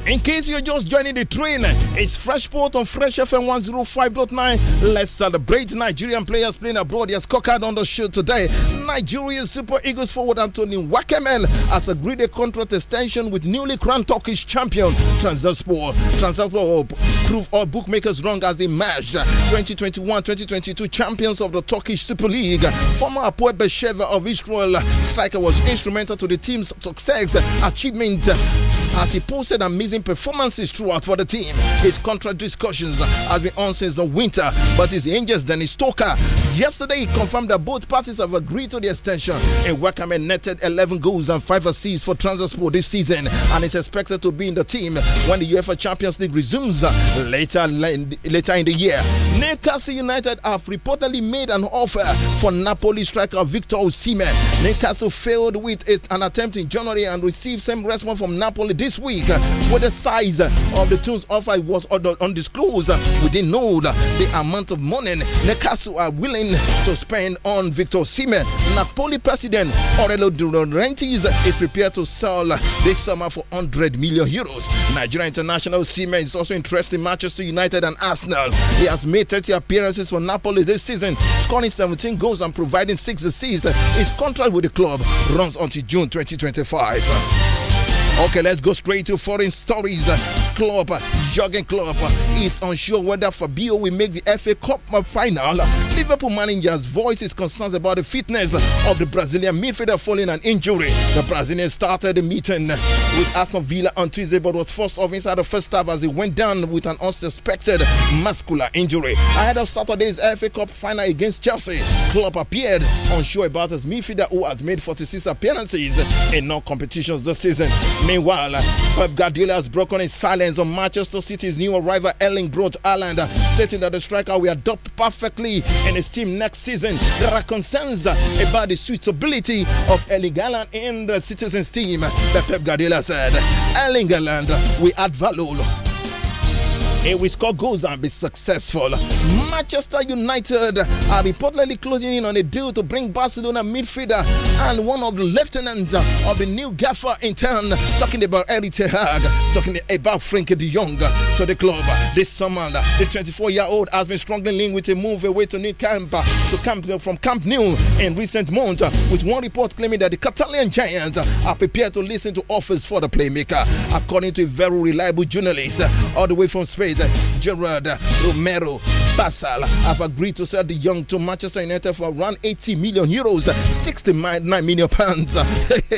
In case you're just joining the train, it's Freshport on Fresh FM 105.9. Let's celebrate Nigerian players playing abroad. Yes, Cockard on the show today. Nigerian Super Eagles forward Anthony Wakemen has agreed a contract extension with newly crowned Turkish champion Transaspor. Transaspor proved all bookmakers wrong as they matched 2021-2022 champions of the Turkish Super League. Former Apoel Besheva of Israel striker was instrumental to the team's success achievement as he posted amazing performances throughout for the team. His contract discussions have been on since the winter, but his angels Dennis Stoker yesterday he confirmed that both parties have agreed to to the extension. A Wakame netted 11 goals and 5 assists for Transport this season and is expected to be in the team when the UEFA Champions League resumes later, later in the year. Newcastle United have reportedly made an offer for Napoli striker Victor Osimhen. Newcastle failed with it, an attempt in January and received same response from Napoli this week. With the size of the team's offer was undisclosed, we didn't know the amount of money Newcastle are willing to spend on Victor Osimhen. Napoli president Aurelio Durantis uh, is prepared to sell uh, this summer for 100 million euros. Nigeria international Seaman is also interested in Manchester United and Arsenal. He has made 30 appearances for Napoli this season, scoring 17 goals and providing 6 assists. His contract with the club runs until June 2025. Okay, let's go straight to foreign stories. Club, Jurgen Klopp is unsure whether Fabio will make the FA Cup final. Liverpool manager's voice is concerns about the fitness of the Brazilian midfielder following an injury. The Brazilian started the meeting with Aston Villa on Tuesday but was forced off inside the first half as he went down with an unsuspected muscular injury. Ahead of Saturday's FA Cup final against Chelsea, Klopp appeared unsure about his midfielder who has made 46 appearances in all competitions this season. Meanwhile, Pep Guardiola has broken his silence on Manchester City's new arrival Erling Broad Island, stating that the striker will adopt perfectly in his team next season. There are concerns about the suitability of Erling Haaland in the Citizens team, but Pep Guardiola said Erling Haaland will add value Hey, we score goals and be successful. Manchester United are reportedly closing in on a deal to bring Barcelona midfielder and one of the lieutenants of the new gaffer in town, talking about Eric Tehag, talking about Frankie de Jong to the club this summer. The 24 year old has been strongly linked with a move away to New Camp to Camp from Camp New in recent months, with one report claiming that the Catalan Giants are prepared to listen to offers for the playmaker, according to a very reliable journalist all the way from Spain. Madrid, Gerard Romero Basal have agreed to sell the young to Manchester United for around 80 million euros, 69 million pounds.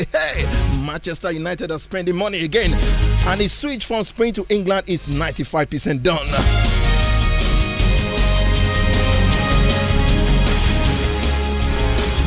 Manchester United are spending money again, and the switch from Spain to England is 95% done.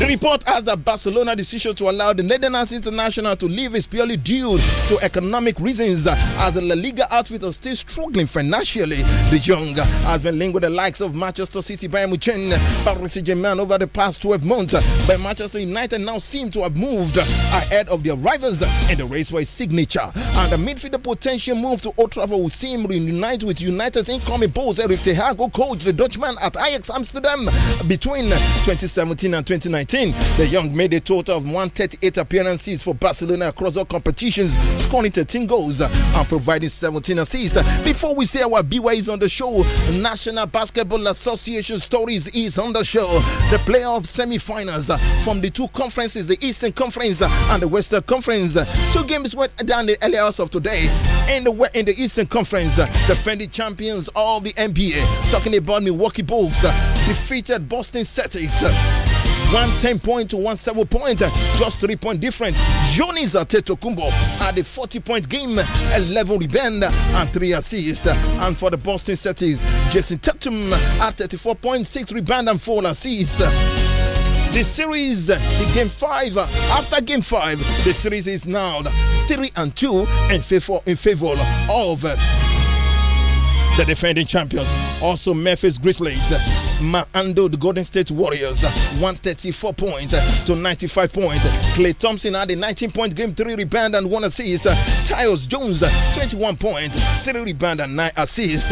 The report adds that Barcelona's decision to allow the Netherlands international to leave is purely due to economic reasons, as the La Liga outfit is still struggling financially. The young has been linked with the likes of Manchester City, Bayern Munich, Paris Saint-Germain over the past 12 months, but Manchester United now seem to have moved ahead of their rivals in the race for his signature. And the midfielder potential move to Old Trafford will seem reunite with United's incoming boss Eric Tehago, coach the Dutchman at Ajax Amsterdam between 2017 and 2019. The young made a total of 138 appearances for Barcelona across all competitions, scoring 13 goals and providing 17 assists. Before we say our BY is on the show, National Basketball Association Stories is on the show. The playoff semi-finals from the two conferences, the Eastern Conference and the Western Conference. Two games went down the early hours of today. In the, in the Eastern Conference, defending champions of the NBA, talking about Milwaukee Bucks, defeated Boston Celtics. One ten point to one seven point, just three point difference. Jonis Tetokumbo at a 40 point game, 11 rebound and three assists. And for the Boston Celtics, Jason Tatum at 34.6 rebound and four assists the series the game five after game five the series is now three and two in favor in favor of the defending champions also memphis grizzlies Man the Golden State Warriors 134 points to 95 points. Clay Thompson had a 19 point game, three rebound and one assist. Tyus Jones 21 points, three rebound and nine assists.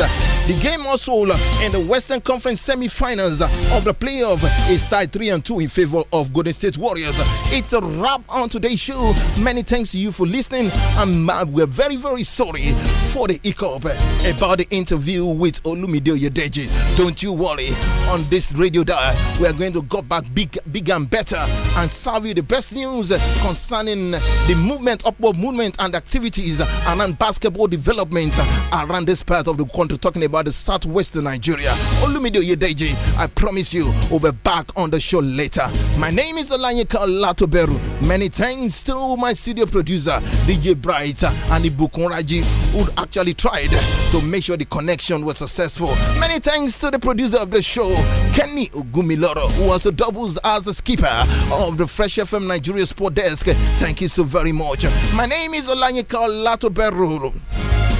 The game also uh, in the Western Conference semi-finals uh, of the playoff is tied 3 and 2 in favor of Golden State Warriors. It's a wrap on today's show. Many thanks to you for listening, and uh, we're very, very sorry for the hiccup about the interview with Olumide Yodeji. Don't you worry. On this radio dial, we are going to go back big, big and better, and serve you the best news concerning the movement, upward movement, and activities around basketball development around this part of the country. Talking about about the southwest of Nigeria. Olumide Oyedeji, I promise you, we'll be back on the show later. My name is Alanyika Latoberu. Many thanks to my studio producer, DJ Bright and Ibukunraji, who actually tried to make sure the connection was successful. Many thanks to the producer of the show, Kenny Ogumiloro, who also doubles as a skipper of the Fresh FM Nigeria Sport Desk. Thank you so very much. My name is Olanyika Latoberu.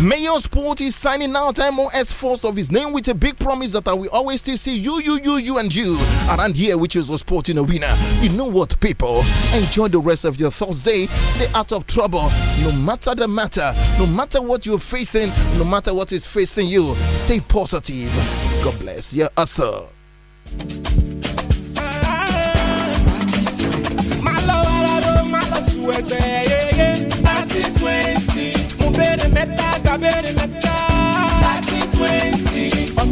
Mayor Sport is signing out MOS first of his name with a big promise that I will always still see you, you, you, you, and you around here, which is a sporting arena. You know what, people? Enjoy the rest of your Thursday. Stay out of trouble. No matter the matter, no matter what you're facing, no matter what is facing you, stay positive. God bless your yeah, uh, sir.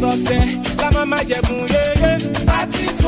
ọ̀sọ̀ọ̀sẹ̀ la máa máa jẹ̀bùn yéyé. thirty two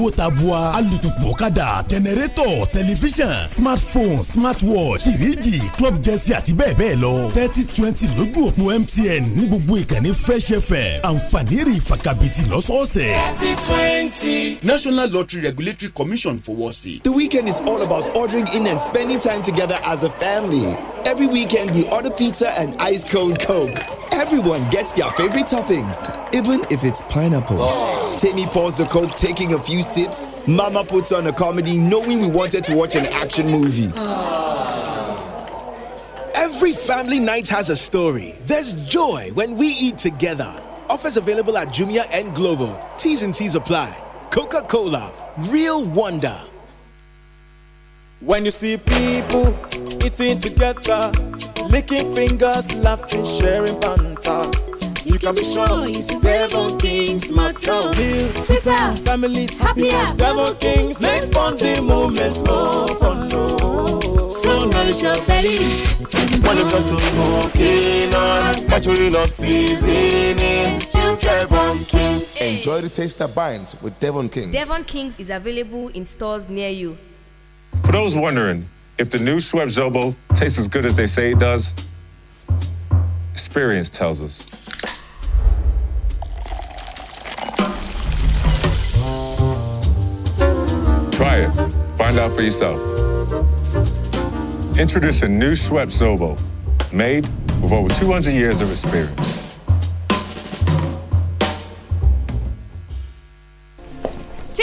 owó tabua alùpùpù ọ̀kadà tẹnẹrétọ̀ tẹlifíṣàn smartphone smartwatch fìríjì club jẹ́sí àti bẹ́ẹ̀ bẹ́ẹ̀ lọ thirty twenty lójú òpó MTN ní gbogbo ìkànnì fresh fm àǹfààní rí ìfakabìtì lọ́sọ̀ọ̀sẹ̀. thirty twenty. National Lottery Regulatory Commission fowọ́ sí. The weekend is all about ordering in and spending time together as a family. every weekend we order pizza and ice cold Coke. Everyone gets their favorite toppings, even if it's pineapple. Oh. Timmy pours the Coke, taking a few sips. Mama puts on a comedy, knowing we wanted to watch an action movie. Oh. Every family night has a story. There's joy when we eat together. Offers available at Jumia and Glovo. T's and T's apply. Coca Cola, real wonder. When you see people eating together, licking fingers, laughing, sharing banter, you, you can, can be sure it's Devon Kings matter. Live sweeter, families happier. Because Devon Kings makes bonding moments more fun. No. So nourish your bellies. When the person cooking on, naturally love seasoning. Just Devon Kings. Enjoy the taste that binds with Devon Kings. Devon Kings is available in stores near you. For those wondering if the new Schweppes Zobo tastes as good as they say it does, experience tells us. Try it. Find out for yourself. Introducing new Schweppes Zobo, made with over 200 years of experience.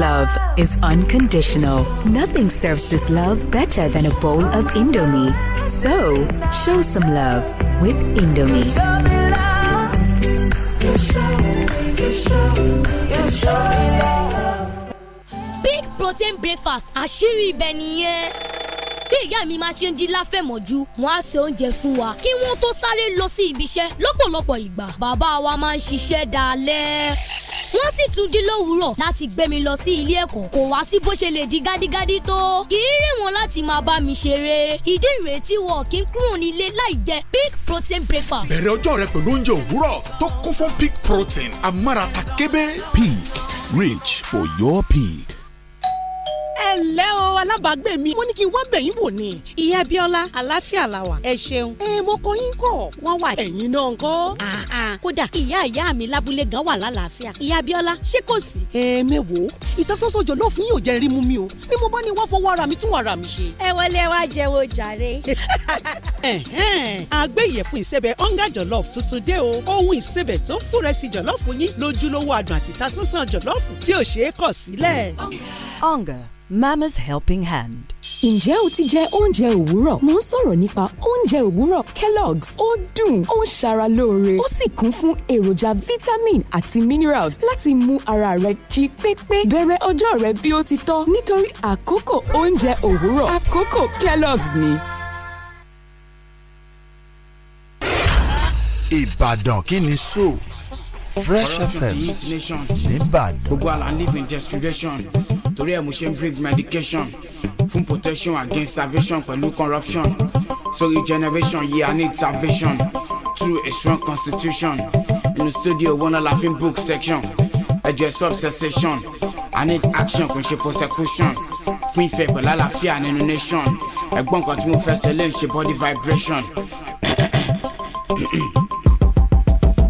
love is unconditional. Nothing serves this love better than a bowl of Indomie. So, show some love with Indomie. Big protein breakfast àṣírí ibẹ̀ nìyẹn. bí ìyá mi máa ṣe ń jí láfẹ̀mọ́jú wọ́n á se oúnjẹ fún wa kí wọ́n tó sáré lọ sí ibiṣẹ́ lọ́pọ̀lọpọ̀ ìgbà bàbá wa máa ń ṣiṣẹ́ dalẹ́ wọ́n sì tún dín lówùúrọ̀ láti gbé mi lọ sí ilé ẹ̀kọ́ kò wá sí bó ṣe lè di gádígádí tó kì í rìn wọ́n láti máa bá mi ṣeré ìdí ìrètí wọ̀ kí n kúrò nílé láì jẹ big protein breakfast. bẹ̀rẹ̀ ọjọ́ rẹ pẹ̀lú oúnjẹ òwúrọ̀ tó kún fún big protein amárata kébé. peak reach for your peak ẹ ǹlẹ́ o alábàágbé mi mo ní kí n wá bẹ̀yìn wò ni. ìyá Bíọ́lá àlàáfíà la wà. ẹ ṣeun. ẹ mo kọ yín kọ. wọ́n wà ẹ̀yin náà ńkọ́. kódà ìyá ìyá mi lábúlé gan wà lálàáfíà. ìyá Bíọ́lá ṣé kò sí. ẹ mẹ́wòó ìtasọ́sọ́ jọ̀lọ́ fún yín ò jẹ́ rí mi o ni mo bá ní wọ́n fọwọ́ ara mi tún ara mi ṣe. ẹ wọlé wá jẹ́wọ́ jàre. àgbéyẹ̀fun ìsẹ̀bẹ̀ ọ̀ngá jọ̀lọ́f tuntun dé o ohun ìsẹ̀bẹ̀ tó ń fúnrẹ́sì jọ̀lọ́fù yín lójúlówó adùn àti ìtasọ́sọ́ jọ̀lọ́fù tí ò ṣeé kọ̀ sílẹ̀. ọ̀ngá Mama's Helping Hand. Ǹjẹ́ o ti jẹ oúnjẹ òwúrọ̀? Mo ń sọ̀rọ̀ nípa oúnjẹ òwúrọ̀ Kellogg's. Ó dùn, ó ń ṣara lóore, ó sì kún fún èròjà vitamin àti minerals láti mú ara rẹ jí pépé. Bẹ̀rẹ̀ ọjọ́ rẹ bí ó ti tọ́ nítorí àkókò oúnjẹ òwúrọ̀. Àkókò Kellogg's ni. Ìbàdàn kí ni so Fresh FM nìbàdàn. Gbogbo àlàní ìfìjẹsìrẹ́sọ̀n torí ẹ̀ mo ṣe ń bring medication fún protection against starvation pẹ̀lú corruption sorry generation yìí yeah, i need salvation through a strong constitution inú studio wọn náà la book section ẹjọ ẹ sub i need action kò ń ṣe prosecution fún ìfẹ́ pẹ̀lú àlàáfíà nínú nation ẹ̀gbọ́n kan tí mo fẹ́ sọ lè ń ṣe body vibration.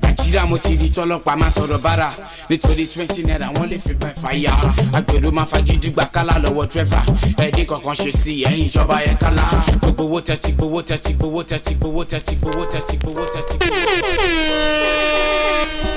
nàìjíríà mo ti di tọ́lọ́pàá máa sọ̀rọ̀ bára nítorí twenty naira wọ́n lè fi bẹ́ẹ̀ fàyà agbèrò máa fagídígbà kálá lọ́wọ́ dírẹ́fà ẹ̀dín kankan ṣe sí ẹ̀yìn ìjọba yẹn kálá gbogbo owó tẹ́tí gbowó tẹ́tí gbowó tẹ́tí gbowó tẹ́tí gbowó tẹ́tí gbowó tẹ́tí gbowó tẹ́tí.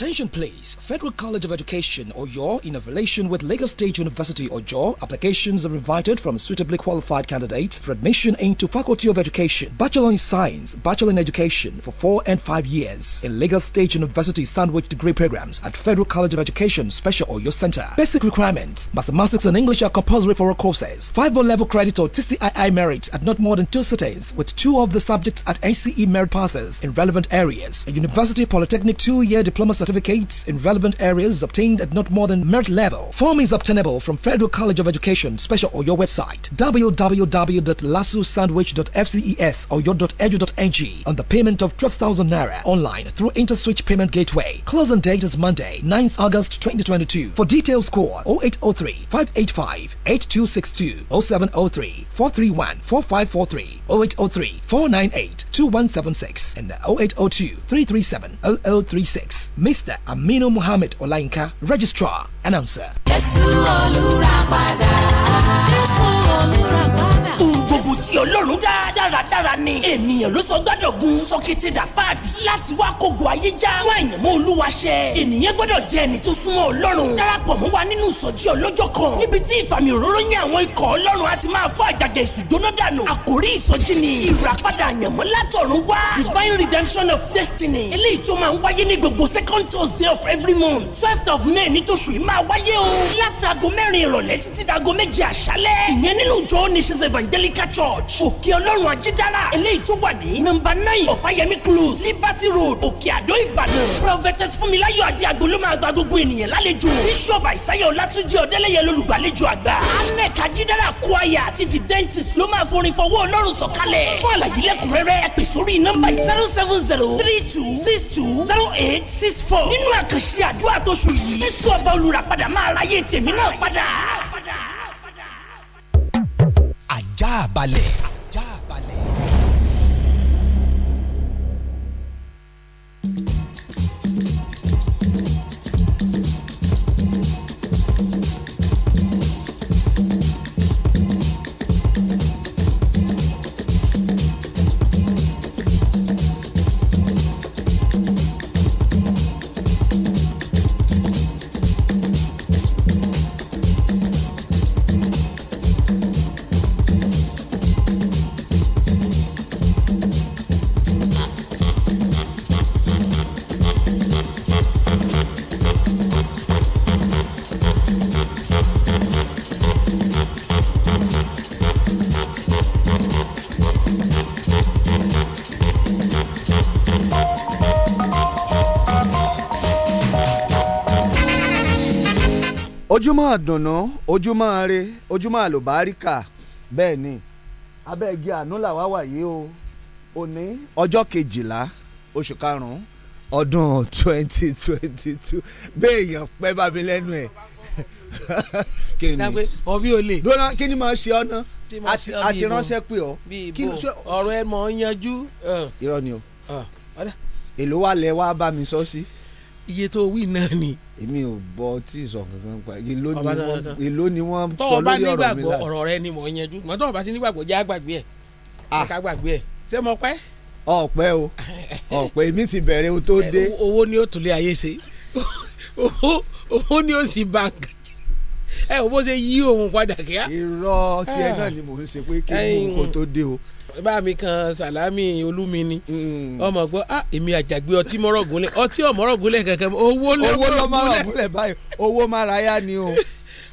Attention please, Federal College of Education or your in relation with Lagos State University or your applications are invited from suitably qualified candidates for admission into Faculty of Education, Bachelor in Science, Bachelor in Education for 4 and 5 years in Lagos State University sandwich degree programs at Federal College of Education Special or your Center. Basic requirements, mathematics and English are compulsory for all courses. 5 level credit or TCII merit at not more than 2 settings, with 2 of the subjects at NCE merit passes in relevant areas. A university polytechnic 2-year diploma certificate certificates in relevant areas obtained at not more than merit level. Form is obtainable from Federal College of Education, special or your website www.lasusandwich.fces or your.edu.ng on the payment of 12,000 naira online through InterSwitch payment gateway. Closing date is Monday, 9th August 2022. For details, call 0803 585 8262 0703 431 4543 0803 498 2176 and 0802 337 0036. Miss Mr. Aminu Muhammad Olainka, Registrar, Announcer. tí Ọlọ́run dá dáradára ni. ènìyàn ló sọ gbàdọ̀gùn sọkìtì dàpáàdì láti wá kógo ayé já. wọ́n àyàn mọ́ olúwa ṣẹ. ènìyàn gbọ́dọ̀ jẹ́ ẹni tó súnmọ́ ọlọ́run. darapọ̀ mọ́ wa nínú ìsọjí ọlọ́jọ́ kan. níbi tí ìfàmì òróró yẹn àwọn ikọ̀ ọlọ́run á ti máa fọ́ àjàgà ìsùjóná dànù. àkòrí ìsọjí ni ìràpadà àyànmọ́ látọ̀run wá. Majidara eléyìí tó wà ní nọ́mbà nine ọ̀páyẹmí close liberty road òkè àdó ìbàdàn prophetess fúnmiláyọ̀ adé agolo máa gba gbogbo ènìyàn lálejò bishop àìsáyọ̀ ọlátúnjí ọ̀dẹ́lẹ̀yẹ lolùgbàlejò àgbà anec Ajidara choir àti the dentist ló máa forin fọwọ́ ọlọ́run sọ̀kalẹ̀ fún àlàyé lẹ́kùnrẹ́rẹ́ ẹ pè sórí nọ́mbà zero seven zero three two six two zero eight six four nínú àkànṣe àdúrà tó ṣù yìí bísú ọba olùràpadà máa ráyè tèmi náà padà. àjà balẹ̀. ojúmọ́ àdùnnú ojúmọ́ are ojúmọ́ àlùbáríkà bẹ́ẹ̀ ni abẹ́ẹ̀gì àánú làwa wà yìí o òní ọjọ́ kejìlá oṣù karùn-ún ọdún twenty twenty two béèyàn pẹ́ bá mi lẹ́nu ẹ̀ kí ni ọbí ò lè dọ́nà kí ni màá ṣe ọ́nà àti ránṣẹ́ pé ọ́ kí ni ọ̀rọ̀ ẹ mọ̀ ń yanjú. irọ́ ni o èló wà lẹ́ wá bá mi sọ sí. iye tó wí náà ni èmi ò bọ tí ìsọ kankan pa èló ni wọ́n sọ lórí ọ̀rọ̀ mi láti. tọ́wọ́ bá nígbàgbọ́ ọ̀rọ̀ rẹ ni mò ń yanjú mọ́ tọ́wọ́ bá ti nígbàgbọ́ jẹ́ àgbàgbé ẹ̀ ah. ká gbàgbé ẹ̀ ṣé mo pẹ́. ọ̀pẹ́ o ọ̀pẹ́ èmi ti bẹ̀rẹ̀ o tó dé. owó ni ó tún lé ayé ṣe owó ni ó sì bàǹkì ẹ ò bó ṣe yí òun padà kíá. irọ́ tiẹ̀ náà ni mò ń ṣe pé kí n kò tó dé o bá mi kan sàlámì olúmi ọmọ gbọ́ ah èmi àjàgbé ọtí mọ́rọ̀gúnlẹ̀ ọtí ọ̀mọ́rọ̀gúnlẹ̀ kankan owó lọ́mọ́rọ̀gúnlẹ̀ báyìí owó márayá ni o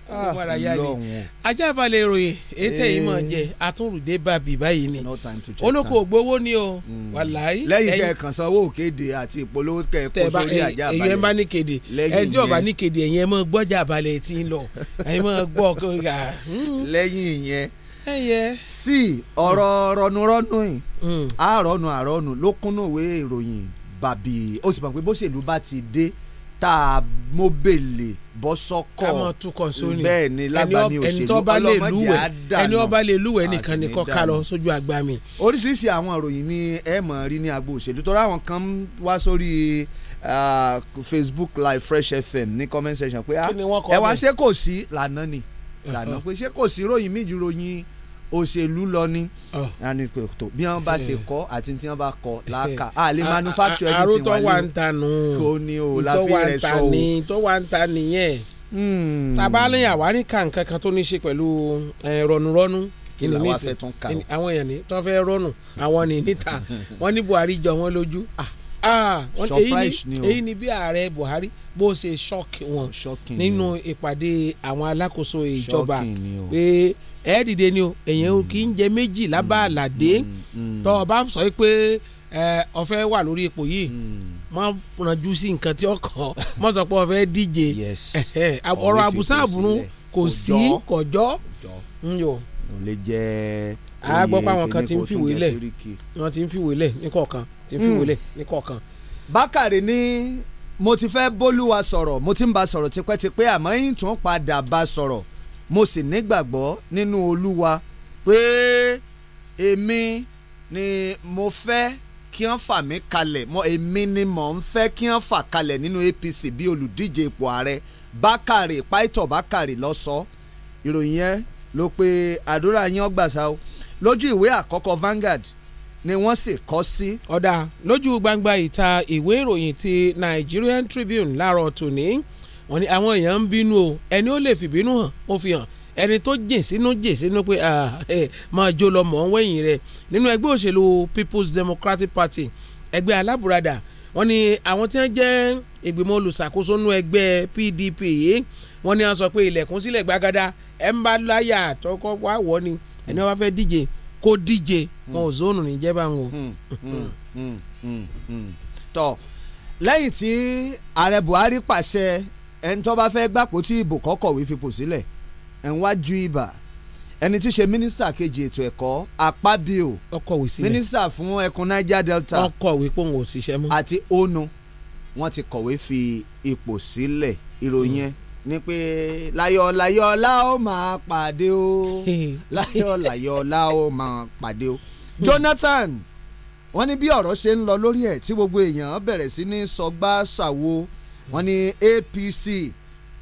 owó ah, márayá ni ajábalẹ̀ ìròyìn ètè yìí mọ̀ eh. jẹ́ bàbí báyìí ni olóko ògbówó ni o mm. wàláyé lẹ́yìn kẹ̀kan sanwó kéde àti ìpolówó kẹ̀kọ́ sórí àjábalẹ̀ ẹ̀yẹ́ bá ní kéde ẹ̀jẹ̀ ọba ní kéde ẹ̀yẹ́ mọ́ gbọ́jà balẹ̀ tí ń lọ sí ọ̀rọ̀ hmm. rọnurọ́nù yìí àrọ́nù hmm. àrọ́nù ló kúnnú ìwé ìròyìn bàbí ó sì mọ̀ pé bó ṣèlú bá ti dé tá a mọ́bèlè bọ́ sọ́kọ̀ bẹ́ẹ̀ ni lágbàmí òṣèlú ọlọ́mọdé àdànù ẹni ọba lè lúwẹ̀ nìkan ni kọ́ ká lọ sójú agbami. oríṣiríṣi àwọn ìròyìn ni ẹ mọ̀ rí ní agbo òṣèlú tó ráwọn kan wá sórí Facebook live Fresh FM ní comment section pé ah, ẹ wá ṣé kò sí lànà ni lànà pé ṣé kò sí ròyìn méjì ròyìn òṣèlú lọ ni ah. bí wọ́n bá ṣe eh. kọ àti tí wọ́n bá kọ láàkà eh. a manufacture ẹni tí wọ́n lè kò ní o láfi rẹ sọ o. tó wà ń ta nìyẹn hmm. tabalẹ̀ àwárí kàǹkan kan tó ní ṣe pẹ̀lú rọ̀nùrọ̀nù kí làwọn afẹ́ tún kà ó. àwọn èèyàn ní tó fẹ́ rọ̀nù àwọn ní níta wọ́n ní Buhari jọ wọ́n lójú ah. Ah, èyí ni bí ààrẹ Buhari bó ṣe ṣọ́ọ̀kì wọn nínú ìpàdé àwọn alákòóso ìjọba pé ẹ dìde ni o èyàn kì í jẹ méjì lábá àlàdé mm, mm, mm. tọ́ ọ bá ń sọ pé ọ̀fẹ́ wà lórí ipò yìí má rànjú sí nǹkan tí ó kàn má sọ pé ọ̀fẹ́ díje ọ̀rọ̀ àbùsá àbùrún kò sí kọjọ́ nyò. ó lè jẹ́ a gbọ́ pé àwọn kan ti ń fìwé lẹ̀ wọ́n ti ń fìwé lẹ̀ ní ti ń fìwé lẹ̀ ní kọ̀ọ̀kan. Bákàrè mo ti fẹ́ bólúwa sọ̀rọ̀ mo ti ń bá sọ̀rọ̀ tipẹ́tipẹ́ àmọ́ yín tún padà bá sọ̀rọ̀ mo sì nígbàgbọ́ nínú olúwa pé èmi ni mo fẹ́ kí wọ́n fà mí kalẹ̀ mọ́ èmi ni mò ń fẹ́ kí wọ́n fà kalẹ̀ nínú APC bí olùdíje ipò ààrẹ Bákàrè Paito Bákàrè ló sọ ìròyìn yẹn ló pe àdúrà yín ọgbàsá o lójú ìwé àkọ́kọ́ Vanguard ni wọ́n sì kọ́ sí. ọ̀dà lójú gbangba ìta ìwé ìròyìn ti Nigerian Tribune láàárọ̀ tòní wọ́n ní àwọn èèyàn ń bínú o ẹni ó lè fìbínú hàn ó fi hàn ẹni tó jìn sínú jìn sínú pé ah, eh, máa jó lọ mọ̀ ọ́n wẹ̀yìn rẹ̀ nínú ẹgbẹ́ òṣèlú People's Democratic Party ẹgbẹ́ alábùradà wọ́n ní àwọn tí wọ́n jẹ́ ìgbìmọ̀ olùṣàkóso nú ẹgbẹ́ PDP yìí wọ́n ní wọ́n sọ pé ilẹ̀kùn sílẹ̀ gbàgádà ẹ̀ ń bá láyà àtọ́kọ́ wá wọ́ ni ẹni wọ́n bá fẹ́ díje kó díje wọn ò zónù níjẹ́ bá wọn. Hmm, hmm, hmm, tọ́ lẹ́yìn tí ààrẹ Buhari pàṣẹ ẹni tó bá fẹ́ gbàpótí ìbò kọ́kọ̀wé fipò sílẹ̀ ẹ̀ ń wá ju ibà ẹni tí í ṣe mínísítà kejì ètò ẹ̀kọ́ apábíò mínísítà fún ẹkùn niger delta ọkọ̀wé pé òun ò ṣiṣẹ́ mọ́ àti onu wọ́n ti kọ̀wé fi ipò sílẹ̀ ìròyìn hmm. ẹ̀ ni pé láyọ̀ ó máa pàdé o láyọ̀ ó máa pàdé o jonathan wọ́n ní bí ọ̀rọ̀ ṣe ń lọ lórí ẹ̀ tí gbogbo èèyàn bẹ̀rẹ̀ sí ní sọgbà ṣàwo. So wọ́n ní APC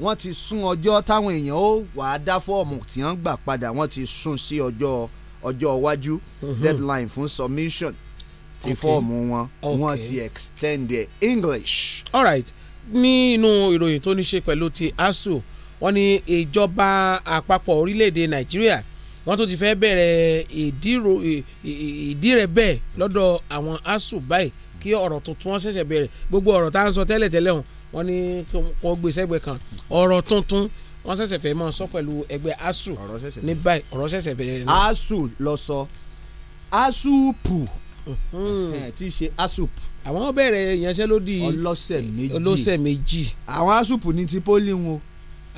wọ́n ti sún ọjọ́ táwọn èèyàn ó wàá dá fọ́ọ̀mù tí wọ́n gbà padà wọ́n ti sún sí ọjọ́ ọjọ́ iwájú mhm. deadline fún submission ti fọ́ọ̀mù wọn wọ́n ti extend their English. all right nínú ìròyìn tó ní ṣe pẹ̀lú ti asu. wọ́n ní ìjọba àpapọ̀ orílẹ̀-èdè Nàìjíríà wọ́n tún ti fẹ́ bẹ̀rẹ̀ ìdírẹ̀ bẹ́ẹ̀ lọ́dọ̀ àwọn ASUU báyìí kí ọ̀rọ̀ tuntun wọn ṣẹ̀ṣẹ̀ bẹ̀rẹ̀ gbogbo ọ̀rọ̀ tá à ń sọ tẹ́lẹ̀tẹ́lẹ̀ hàn wọ́n ní kó gbé sẹ́gbẹ̀ kan ọ̀rọ̀ tuntun wọ́n ṣẹ̀ṣẹ̀ fẹ́ mọ́ sọ pẹ̀lú ẹgbẹ́ ASUU ní báyìí ọ̀rọ̀ ṣẹ̀ṣẹ̀ bẹ̀rẹ̀ náà. ASUU lọ sọ ASUUPU mm-hmm. tí í ṣe ASUUP. àwọn bẹ̀rẹ̀ ìyanṣẹ́lódì ọlọ́sẹ̀ méjì ọlọ́sẹ̀ méjì. àwọn ASUUP ní ti poli wọn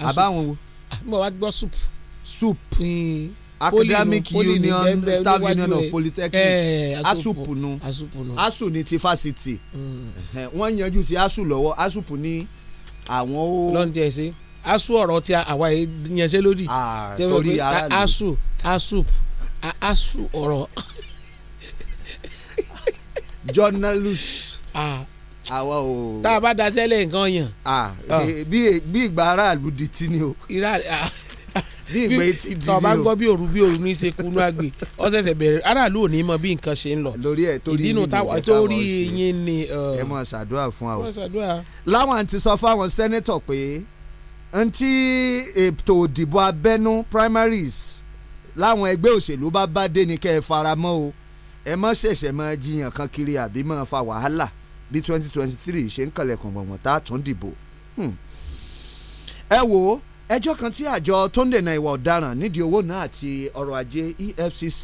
àbáwọn wo. àbúrò wa gbọ́ soup. soup. Mm academic union staff union of polytechnics asupu nu asu ni ti fásitì mm. wọ́n yanjú ti asu lọ́wọ́ asupu ni àwọn ó. lọ́ndì ẹ̀ asu ọ̀rọ̀ tí àwa yanṣẹ́ lódì torí asu asup asu ọ̀rọ̀. journalist àwa ò. tá a bá daṣẹ́lẹ̀ nǹkan yàn. bí ìgbà aráàlú di tí ni o bí ìgbẹ́ etí di ni o tọ́ bá ń gbọ́ bí òru bí òru ní í ṣe kunú àgbè ọ̀sẹ̀sẹ̀ bẹ̀rẹ̀ aráàlú ò ní mọ bí nǹkan ṣe ń lọ. lórí ẹ torí yín ni ìjẹta torí yín ni. ẹ uh, mọ ṣàdúrà fún wa o láwọn ti sọ fáwọn sẹ́nẹ́tọ̀ pé ntí ètò òdìbò abẹ́nú primaries láwọn ẹgbẹ́ òṣèlú bá bá dé ni kẹ́ ẹ faramọ́ o ẹ mọ́ ṣẹ̀ṣẹ̀ mọ́ jiyàn kan kiri àbí mọ́ fa wàhálà bí twenty twenty three ṣe ń kànlẹ̀kùn gbọ̀ngbọ̀n ẹjọ́ kan tí àjọ tó ń dènà ìwà ọ̀daràn nídìí owó náà àti ọrọ̀ ajé EFCC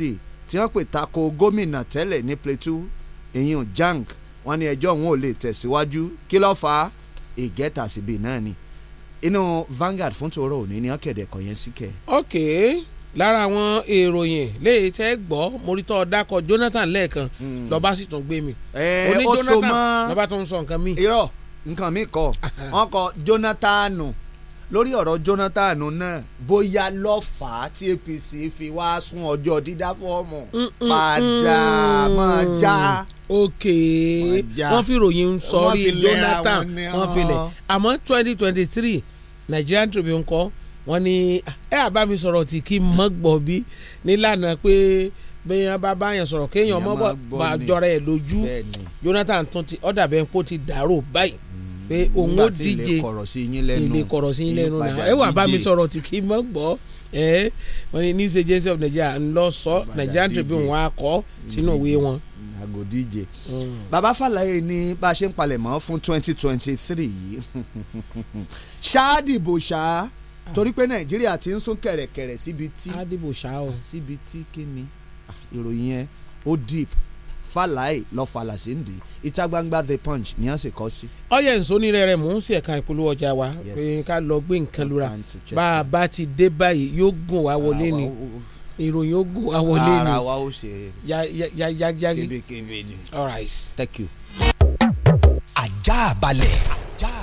tí wọ́n pè tako gómìnà tẹ́lẹ̀ ní Plateau ìyún jank wọ́n ní ẹjọ́ òun ò lè tẹ̀síwájú kí ló fà á ìgẹ́tàsíbì náà ni inú Vanguard fún tòró òní ni wọ́n kéde ẹ̀kọ́ yẹn sí kẹ́. ok lára àwọn ìròyìn léyìí tẹ́ gbọ́ morítọ́ dákọ̀ Jonathan lẹ́ẹ̀kan hmm. lọ́ba sì tún gbé mi. ẹ ó so mọ́ lọ́ba tó ń sọ nǹkan mi. irọ́ nǹkan mi kọ wọn kọ Jonathan nù. No lórí ọ̀rọ̀ Jonathan náà bóyá lọ́fàá tí APC fi wá sún ọjọ́ dídá fọ́ọ̀mù padà máa já. ok wọ́n fi ròyìn sọrí Jonathan wọ́n fi lẹ̀ àmọ́ twenty twenty three Nigerian Tribune kọ́ wọ́n ní ẹ àbá mi sọ̀rọ̀ tí kì í mọ́ gbọ́ bí nílànà pé bẹ́ẹ̀yàn bá báyàn sọ̀rọ̀ kéèyàn mọ́ bá jọra ẹ̀ lójú Jonathan tún ti ọ̀dà bẹ́ẹ̀ kó ti dàrú báyìí pé òun ó díje ilé kọ̀rọ̀ sí yín lẹ́nu náà ẹ wà bá mi sọ̀rọ̀ tí kì í mọ̀ gbọ́ ẹ wọ́n ní news agency of Nigeria ń lọ sọ Nigerian Tribune wọn akọ sínú ìwé wọn. àgò díje mm. bàbá Fálàyé ní bá a ṣe ń palẹ̀mọ́ fún twenty twenty three yìí ṣáà dìbò ṣáà ah. torí pé Nàìjíríà ti ń sún kẹ̀rẹ̀kẹ̀rẹ̀ síbi tí síbi tí kí ni ah, ìròyìn yẹn ó deep Fálàì lọ́ọ́ falà sí ndì ìta gbangba the punch ni wọ́n sì kọ́ sí. ọyẹ nsọ́ni rẹ mò ń ṣe ẹ̀ka ìpolówó ọjà wa ká lọ gbé nǹkan lura bá a bá ti dé báyìí yóò gùn wá wọlé ni ìròyìn ó gùn wá wọlé ni ara wa ó ṣe yáyáyáyá kébékébé ni. all right. thank you. ajá balẹ̀. ajá balẹ̀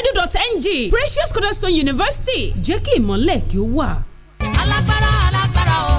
edu.ng Precious Cornerstone University jẹ́ kí ìmọ̀lẹ̀ kí ó wà. alágbára alágbára o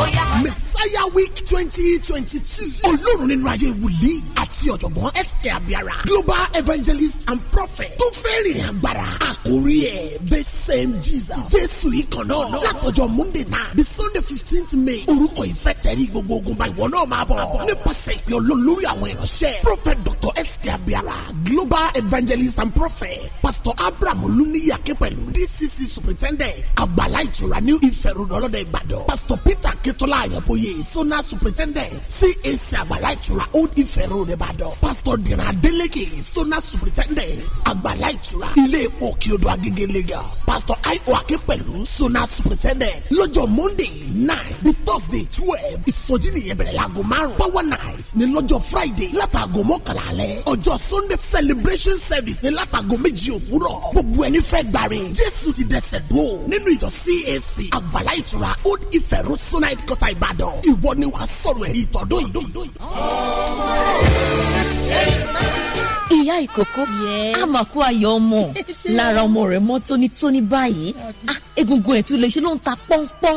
ó o Entire Week twenty twenty two. Ọlọ́run nínú ayé wòlíì àti ọ̀jọ̀gbọ́n F.K. Abiara. Global evangelist and prophet tó fẹ́ rìnrìn agbára. Àkórí ẹ̀ the same Jesus. Jésù ìkàn náà. Látọjọ́ Monday na. the Sunday fifteenth May. Orúkọ ìfẹ́ tẹ̀rí gbogbo ogun bá ìwọ náà máa bọ̀. Nípasẹ̀ ìpè Ọlọ́run lórí àwọn ìránṣẹ́. Prophet Dr. F.K. Abiara. Global evangelist and prophet. Pastor Abraham Olúniyí Akínpẹ̀lú. DCC superintendent. Àgbàlá ìtura ní Ìfẹ̀rù lọ́lọ́dẹ̀ Ìbàdàn. Pastor Peter Ketola Àyànbóyè. Sona superintendent cac àgbàlá ìtura old ife road ìbàdàn pastor dina adeleke Sona superintendent àgbàlá ìtura ilé epo òkèodò agége lagos pastor io akínpẹ̀lú Sona superintendent lọ́jọ́ monday nine the thursday twelve ìsọjí nìyẹn bẹ̀rẹ̀ láago márùn power night ní lọ́jọ́ friday látàgò mọ́kànlá alẹ́ ọjọ́ sunday celebration service ní látàgò méjì òwúrọ̀ gbogbo ẹni fẹ́ gbàre jésù ti dẹsẹ̀ dúró nínú ìjọ cac àgbàlá ìtura old ife road zonal headquarter ìbàdàn ìwọ ni wàá sọ̀rọ̀ ẹ̀rí ìtọ́dún yìí. ìyá ìkókó àmàkù ayọ̀ ọmọ lára ọmọ rẹ̀ mọ́ tónítóní báyìí ah, egungun ẹ̀ lè ṣe ló ń ta pọ́npọ́n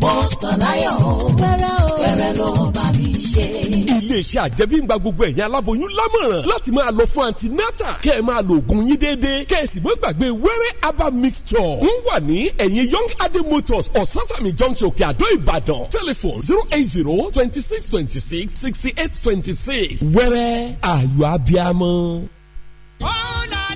mo sọ̀láyọ̀ o pẹ̀rẹ̀ o pẹ̀rẹ̀ ló iléeṣẹ́ àjẹmíngba gbogbo ẹ̀yin aláboyún lámọ̀ràn láti máa lọ fún antinata kẹ́ ẹ máa lo oògùn yín déédéé kẹ́ ẹ sì mọ́ gbàgbé wẹ́rẹ́ aba mixture wọ́n wà ní ẹ̀yìn young adé motors ososami junction òkè àdó ìbàdàn telephone zero eight zero twenty six twenty six sixty eight twenty six wẹ́rẹ́ ayọ̀ abiamọ. ó náà.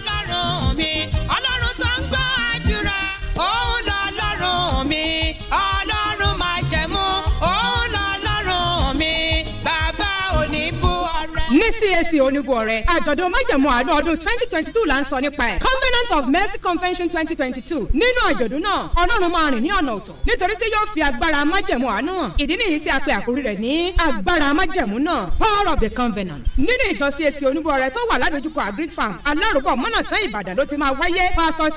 CAC e oníbuọ̀rẹ́ àjọ̀dún májẹ̀mú àánú ọdún twenty twenty two là ń sọ nípa ẹ̀ Covenant of Mercy Convention twenty twenty two nínú àjọ̀dún náà ọlọ́run máa rìn ní ọ̀nà ọ̀tọ̀ nítorí tí yóò fi agbára májẹ̀mú àánú hàn ìdí nìyí tí a pe àkórí rẹ̀ ní agbára májẹ̀mú náà power of the covenant nínú ìjọ CAC e oníbuọ̀rẹ́ tó wà ládojúkọ agric farm alárùbọ̀ mọ́nàtán ìbàdàn ló ti máa wáyé Pastor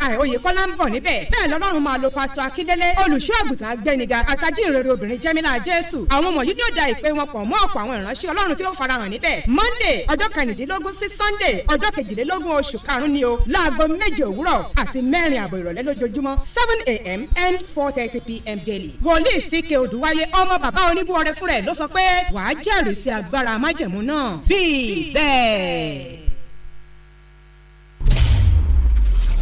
tai oyèkọ́lá ń bọ̀ níbẹ̀ bẹ́ẹ̀ lọ́lọ́run máa lo pásítọ̀ akíndélé olùṣọ́àgùtà agbẹ́niga àtàjírèrè obìnrin jẹ́mílà jésù àwọn ọmọ yìí ni ó da ìpè wọn pọ̀ mọ́ ọ̀pọ̀ àwọn ìránṣẹ́ ọlọ́run monday ọjọ́ kẹrìndínlógún sí sunday ọjọ́ kejìlélógún oṣù karùn-ún ni o láago méje òwúrọ̀ àti mẹ́rin àbọ̀ ìrọ̀lẹ́ lójoojúmọ́ seven a.m. and four thirty p.m. daily. wòlíì sí ke odùwáyé ọmọ bàbá oníbúọrẹ fúnra ẹ̀ ló sọ pé wàá jẹ́rìí sí agbára májẹ̀mú náà bíi bẹ́ẹ̀.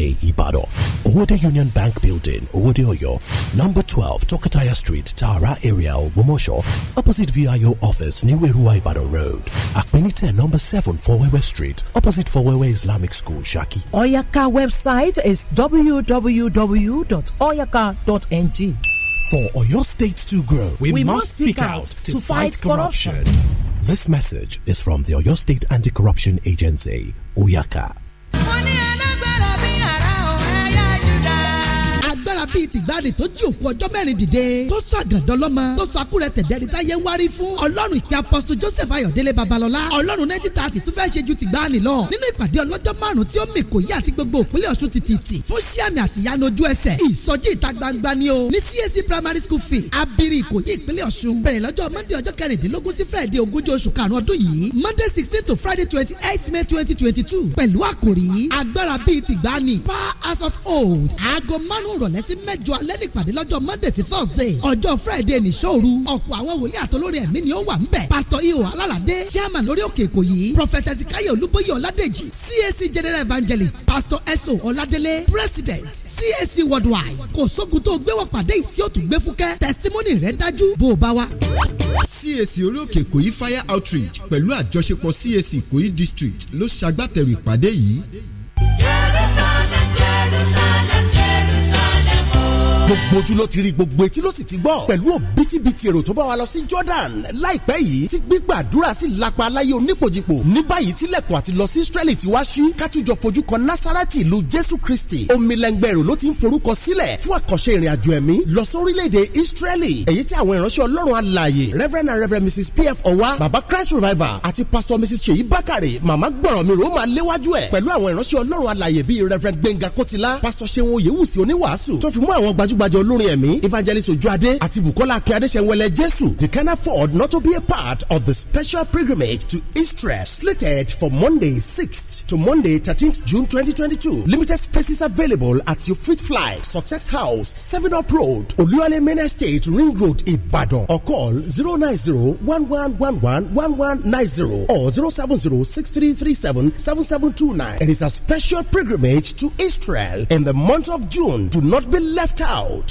A, Ibadan. Owode Union Bank Building, Owode Oyo. Number 12, Tokataya Street, Tara area, Womosho. Opposite VIO office, New Erua Ibadan Road. Akpenite, number 7, Fowewe Street. Opposite Fowewe Islamic School, Shaki. Oyaka website is www.oyaka.ng. For Oyo State to grow, we, we must speak out to, fight, corruption. corruption. This message is from the Oyo State Anti Corruption Agency, Oyaka. bíi tìgbàdì tó jí òkú ọjọ́ mẹ́rin dìde tó sọ àgàdọ́ lọ́mọ tó sọ akúrẹ́ tẹ̀dẹ́rì táyé ń wárí fún ọlọ́run ìpè apọ́sítò joseph ayọ̀délé babalọ́lá ọlọ́run nineteen thirty tún fẹ́ ṣe ju tìgbàanì lọ nínú ìpàdé ọlọ́jọ́ márùn tí ó mì kò yí àti gbogbo òpínlẹ̀ ọ̀ṣun tìtìtì fún síàmì àtìyánu ojú ẹsẹ̀ ìsọjí ìta gbangba ni o ní primary school fee abiri ìkòyí ìpínlẹ̀ ọ̀ṣun bẹ̀rẹ̀ lọ́jọ́ monday ọjọ́ kẹrìndínlógún sí friday ogúnjọ́ oṣù karùn-ún ọdún monday sixteen to friday twenty may twenty twenty two pẹ̀lú àkòrí agbára bíi of old aago márùn mẹ́jọ alẹ́ nípàdé lọ́jọ́ monday sí thursday ọjọ́ friday nìṣọ́ òru ọ̀pọ̀ àwọn wòlíì àtolórí ẹ̀mí ni ó wà ńbẹ̀ pastor iho alálàdé chairman lórí òkè èkó yìí prophet ezekiel olúbóyè ọládèjì cac general evangelist pastor eso ọládélé president cac worldwide kò sógun tó gbéwọ̀ pàdé yìí tí ó tún gbé fúkẹ́ testimony rẹ̀ dájú bó o bá wa. cac orí òkè èkó fire outreach pẹ̀lú àjọṣepọ̀ cac ìkòyí district ló ṣagbátẹrù ìpàdé yìí. yẹ́rẹ́ sọ́nà gbogbo ojú ló ti rí gbogbo etí ló sì ti gbọ́ pẹ̀lú òbítíbitì èrò tó bá wa lọ sí Jordan láìpẹ́ yìí tí gbígbàdúrà sì lápá aláyé onípojìpò ní báyìí tilẹ̀kùn àti lọ sí Israeli ti wá sí kátújọ fojú kan Násárátì ìlú Jésù Kristi omilẹ̀ngbẹ̀ èrò ló ti ń forúkọ sílẹ̀ fún àkànṣe ìrìn ẹ̀mí lọ sí orílẹ̀-èdè Israeli èyí tí àwọn ìránṣẹ́ Ọlọ́run alààyè Reverend and Reverend Mrs P.F. Ọwa Baba gbajúgbajà olórin ẹ̀mí evangelist ojú àti bukola akin adéṣẹ́wẹlẹ̀ jésù they can afford not to be a part of the special pilgrimage to Israel slated for Monday 6th to Monday 13th June 2022 limited spaces available at your Fit Fly Success House 7 Up Road Oluwale Main Estate Ring Road Ibadan or call 090-1111-1190 or 070-6337-7729 it's a special pilgrimage to Israel in the month of June do not be left out out.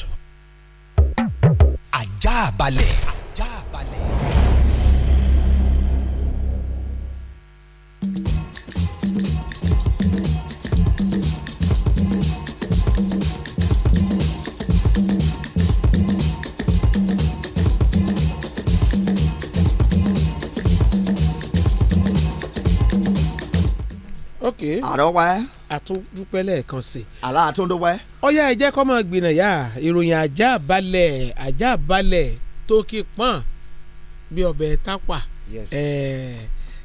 ajá balẹ̀. ok àrọ́wẹ́. àtúndúpẹ́ lẹ́ẹ̀kan sí. àlá àtúndúpẹ́. ọ̀yá ẹ jẹ́ kó máa gbìnà yá ìròyìn ajá balẹ̀ ajá balẹ̀ tó kí pọ́n bí ọbẹ̀ tápà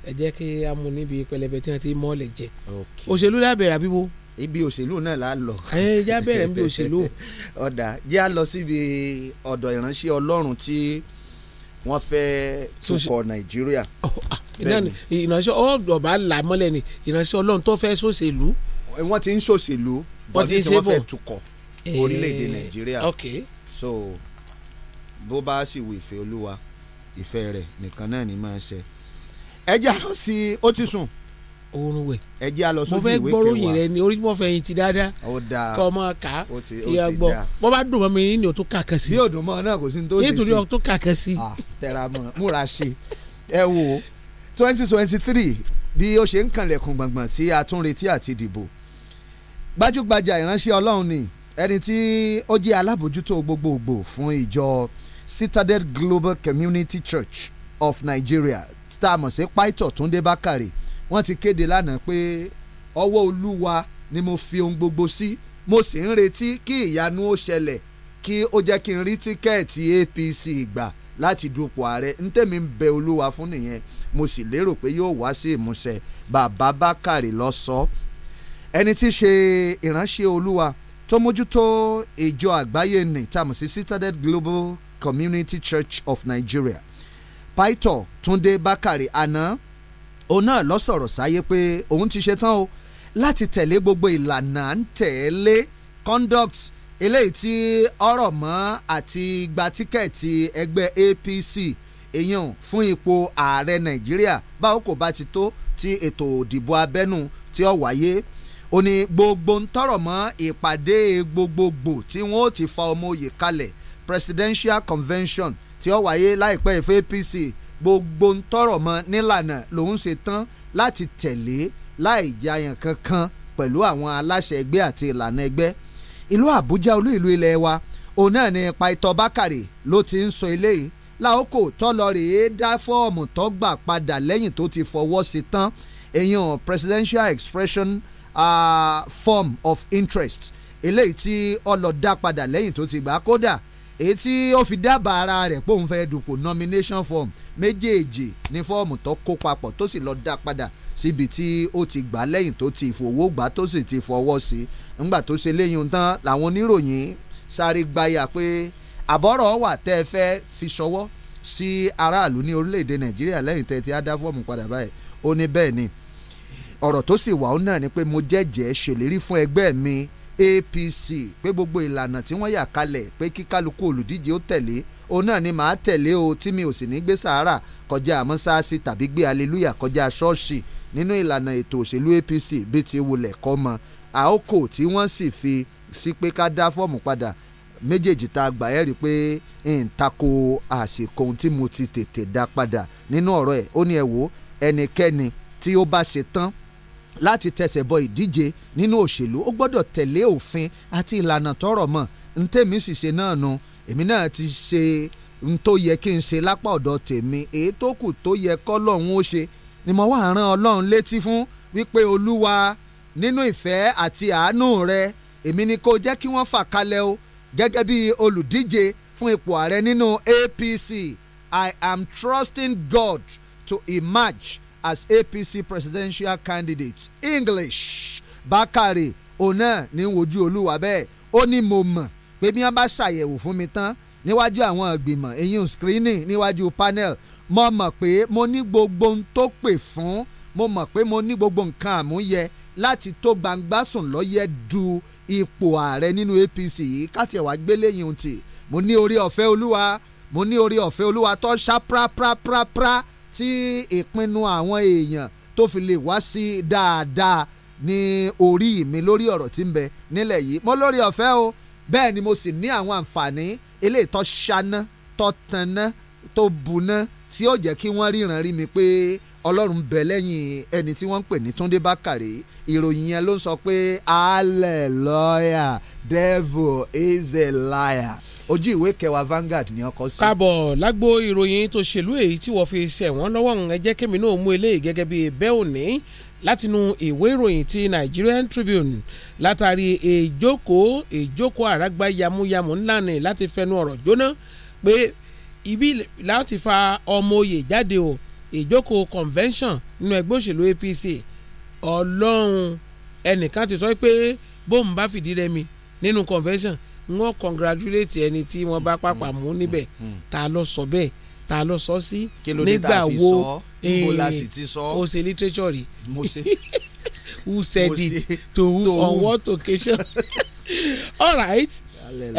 ẹ jẹ́ kí a mú níbi pẹlẹbẹ tí wọ́n ti mọ́ ọ̀lẹ̀ jẹ òṣèlú lábẹ́rẹ́ àbíwó ibi òṣèlú náà la lọ. ẹ já bẹ̀rẹ̀ níbi òṣèlú. ọ̀dà jẹ́ à lọ síbi ọ̀dọ̀ ìránṣẹ́ ọlọ́run tí wọ́n fẹ́ tukọ̀ nàìjíríà. Oh, ah ìránṣẹ́ ọ̀dọ̀bá là mọ́lẹ̀ ni ìránṣẹ́ ọlọ́run tó fẹ́ ṣòṣèlú. wọ́n ti ń ṣòṣèlú wọ́n ti ń ṣe fẹ́ tukọ̀ orílẹ̀-èdè eh, nàìjíríà so bó bá sì wù ìfẹ́ olúwa ìfẹ́ rẹ̀ nìkan náà ni máa ṣe. ẹ jẹ́ àlọ́ sí ó ti sùn oorun wẹ. ẹ jẹ́ àlọ́ sójú ìwé kẹwàá mo fẹ́ gbọ́ròyìn rẹ ni orí mo fẹ́ yín ti dáadáa. ó dáa kọ́ ọmọ ká ìyá gbọ́ bó bá dùn mọ́ mi ní o tún kà kan sí. bí òdùnmọ́ náà kò sí ní tó ṣe sí. nítorí o tún kà kan sí. Ah, tẹ̀ra mọ́ múra ṣe ẹ wo twenty twenty three bí ó ṣe ń kànlẹ̀kùn gbọ̀ngbọ̀n tí a tún retí àti dìbò gbajúgbajà ìránṣẹ́ ọlọ́run ni ẹni tí ó jẹ́ alábòjútó gbogbogbò fún ìjọ Citadel Global Community Church of Nigeria tá a mọ̀ sí Paito Túndé Bákàrè wọ́n ti kéde lánàá pé ọwọ́ olúwa ni mo fi ohun gbogbo sí mo sì ń retí kí ìyanu ó ṣẹlẹ̀ kí ó jẹ́ kí n rí tíkẹ́ẹ̀tì APC gbà láti dupò ààrẹ ntẹ̀mí ń bẹ olúwa fún nìyẹn mo sì lérò pé yóò wá sí ìmúṣẹ bàbá bákàrè lọ sọ ẹni tí í ṣe ìránṣẹ́ olúwa tó mójútó ìjọ àgbáyé ní tàmù Citadel Global Community Church of Nigeria Paito Túndé Bákàrè àná òun náà lọ sọ̀rọ̀ sáyé pé òun ti ṣetán o láti tẹ̀lé gbogbo ìlànà à ń tẹ̀lé conduct eléyìí tí ọ̀rọ̀ mọ́ àti gba tíkẹ́ẹ̀tì ẹgbẹ́ APC èyàn fún ipò ààrẹ nàìjíríà báwo kò bá ti tó ti ètò òdìbò abẹ́nú tí ó wáyé ó ní gbogbo ń tọrọ mọ́ ìpàdé gbogbogbò tí wọ́n ó ti fa ọmọ òye kalẹ̀ presidential convention tí ó wáyé láìpẹ́ ìfẹ́ apc gbogbo ń tọrọ mọ́ nílànà lòún ṣe tán láti tẹ̀lé láì jayàn kankan pẹ̀lú àwọn aláṣẹ ẹgbẹ́ àti ìlànà ẹgbẹ́ ìlú àbújá olú ìlú ilẹ̀ wa òun náà ni paitọ bákàrè ló ti ń sọ eléyìí láòkò tọ́lọ rèé dá fọ́ọ̀mù tó gbà padà lẹ́yìn tó ti fọwọ́ sí tán èyàn presidential expression uh, form of interest eléyìí tí ọlọ́dá padà lẹ́yìn tó ti gbà kódà èyí tí ó fi dábàá ara rẹ̀ pé òun fẹ́ dùnkù nomination form méjèèjì ní fọ́ọ̀mù tó kó papọ̀ tó sì lọ́ọ́ dá padà síbi tí ó ti gbà lẹ́yìn tó ti fowó gbà tó sì ti fọwọ́ sí nígbà tó ṣe léyìn tán làwọn oníròyìn sáré gbáyà pé àbọ̀rọ̀ wà tẹ́ ẹ fẹ́ fi ṣọwọ́ sí aráàlú ní orílẹ̀-èdè nàìjíríà lẹ́yìn tẹ́ ẹ ti á fọ́ọ̀mù padà báyìí ó ní bẹ́ẹ̀ ni ọ̀rọ̀ tó sì wà ó náà ni pé mo jẹ́jẹ́ ṣèlérí fún ẹgbẹ́ mi APC pé gbogbo ìlànà tí wọ́n yà kalẹ̀ pé kí kálukú olùdíje ó tẹ̀lé òun náà ni màá tẹ̀lé o tí mi ò sì ní gbé sàárà kọjá àmọ́sáàsì tàbí gbé aleluya kọjá ṣọ́ọ̀ṣì nínú ìlànà ètò òṣèlú APC bí ti wulẹ̀ kọ́ mọ́ àókò tí wọ́n sì fi sí pé ká dá fọ́ọ̀mù padà méjèèjì tá a gbà ẹ́ rí i pé n tako àsìkò ohun tí mo ti tètè dá padà nínú ọ̀rọ̀ ẹ̀ ó ní ẹ wò ẹnikẹ́ni tí ó bá ṣe tán láti tẹsẹ̀ bọ ìdíje nínú òṣèlú ó gbọ́dọ̀ tẹ̀lé òfin àti ìlànà tọrọ mọ̀ ntẹ́mi sì ṣe náà nu èmi náà ti ṣe n yẹ kí n ṣe lápá ọ̀dọ̀ tèmi èyí tó kù tó yẹ kọ́lọ́hún ó ṣe ni mo wá rán ọlọ́run létí fún wípé olúwa nínú ìfẹ́ àti àánú rẹ èmi ni kò jẹ́ kí wọ́n fà kalẹ̀ o gẹ́gẹ́ bí olùdíje fún ipò ààrẹ nínú APC I am trusting God to emerge as APC presidential candidate English Bakare ọ̀nà ní wojú olúwa bẹ́ẹ̀ ó ní mo mọ̀ pé bí wọ́n bá ṣàyẹ̀wò fún mi tán níwájú àwọn ìgbìmọ̀ eyín screening níwájú panel mo mọ̀ pé mo ní gbogbo ohun tó pè fún mo mọ̀ pé mo ní gbogbo nǹkan àmúyẹ láti tó gbangba lọ́yẹ̀ du ipò ààrẹ nínú APC yìí káti ẹ̀wá gbélé yìí ti mo ní orí ọ̀fẹ́ olúwa mo ní orí ọ̀fẹ́ olúwa tó ṣá prápráprápra tí ìpinnu àwọn èèyàn tó fi lè wá sí dáadáa ní orí mi lórí ọ̀rọ̀ tí ń bẹ nílẹ̀ yìí mo lórí ọ̀fẹ́ o bẹ́ẹ̀ ni mo sì ní àwọn àǹfààní eléyìí tó ṣáná tó tanná buná tí ó jẹ́ kí wọ́n ríran rí mi pé ọlọ́run bẹ lẹ́yìn ẹni tí wọ́n ń pè ní túndé bákàrè ìròyìn yẹn ló ń sọ pé hallelujah devil is a liar ojú ìwé kẹwàá Vanguard ni ọkọ sí. káàbọ̀ lágbo ìròyìn tó ṣèlú èyí tí wọ́n fi ṣẹ̀wọ́n lọ́wọ́ ẹ jẹ́ kémi náà mú eléyìí gẹ́gẹ́ bíi bẹ́ẹ̀ òní látinú ìwé ìròyìn ti Nigerian Tribune látàrí ìjókòó ìjókòó àràgbá yamuyamu ńlá ni láti fẹnu ọ̀rọ̀ jóná pé ibi láti fa ọmọ oyè jáde o. Jade, o ìjókòó convention nínú ẹgbẹ́ òṣèlú APC ọlọ́run ẹnìkan ti sọ pé bóun bá fìdí rẹmi nínú convention wọ́n congratulate ẹni tí wọ́n bá pàpà mú níbẹ̀ mm, mm, mm. ta ló sọ bẹ́ẹ̀ ta ló sọ sí nígbà wo ọ̀sẹ̀ literature rí who said it to who on what occasion all right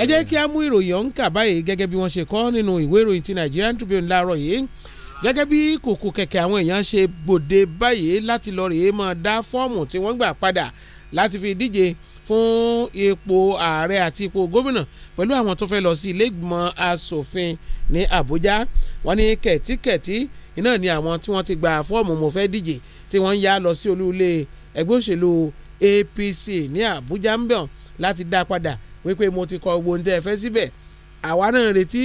ẹ jẹ́ kí a mú ìròyìn ọ̀hún báyìí gẹ́gẹ́ bí wọ́n ṣe kọ nínú ìwé ìròyìn ti Nigerian Tribune láàárọ̀ yìí gẹ́gẹ́ bí kòkò kẹ̀kẹ́ àwọn èèyàn ṣe gbòde báyìí láti lọ rèé máa dá fọ́ọ̀mù tí wọ́n gbà padà láti fi díje fún ipò ààrẹ àti ipò gómìnà pẹ̀lú àwọn tó fẹ́ lọ sí ilé ìgbìmọ̀ asòfin ní Àbújá wọ́n ní kẹ̀tíkẹ̀tí iná ni àwọn tí wọ́n ti gba fọ́ọ̀mù mo fẹ́ díje tí wọ́n ń yá lọ sí olú ẹgbẹ́ òṣèlú APC ní Àbújá ń bẹ̀ láti dá padà wípé mo ti kọ gbóǹdẹ́ fẹ́ síbẹ̀ àwa náà retí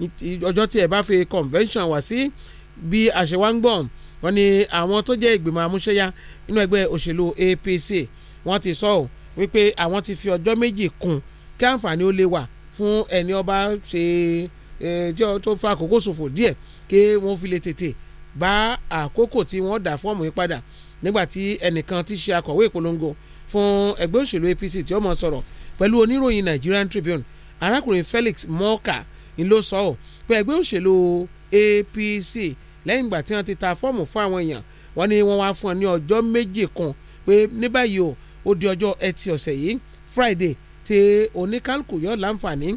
ọjọ́ tí ẹ bá fi convention wá sí bí àṣewángbọ̀n wọ́n ní àwọn tó jẹ́ ìgbìmọ̀ àmúṣẹ́yá nínú ẹgbẹ́ òṣèlú APC wọ́n ti sọ ọ́ wípé àwọn ti fi ọjọ́ méjì kún kí àǹfààní ó lè wà fún ẹni ọba ṣe jọ tó fa àkókò ṣòfò díẹ̀ kí wọ́n fi lè tètè bá àkókò tí wọ́n dà fọ́ọ̀mù yìí padà nígbà tí ẹnìkan ti ṣe akọ̀wé ìpolongo fún ẹgbẹ́ òṣèlú APC tí ó mọ̀ sọ̀rọ̀ pẹ̀lú oníròyìn Nigerian Tribune arákùnrin Felix Morka ń ló sọ ọ́ pé ẹgbẹ́ òṣèlú APC lẹ́yìn ìgbà tí wọ́n ti ta fọ́ọ̀mù fún àwọn èèyàn wọ́n ní wọ́n wá fún ọ ní ọjọ́ méje kan pé ní báyìí o ó di ọjọ́ ẹtì ọ̀sẹ̀ yìí Friday tí oníkálukú yọ láǹfààní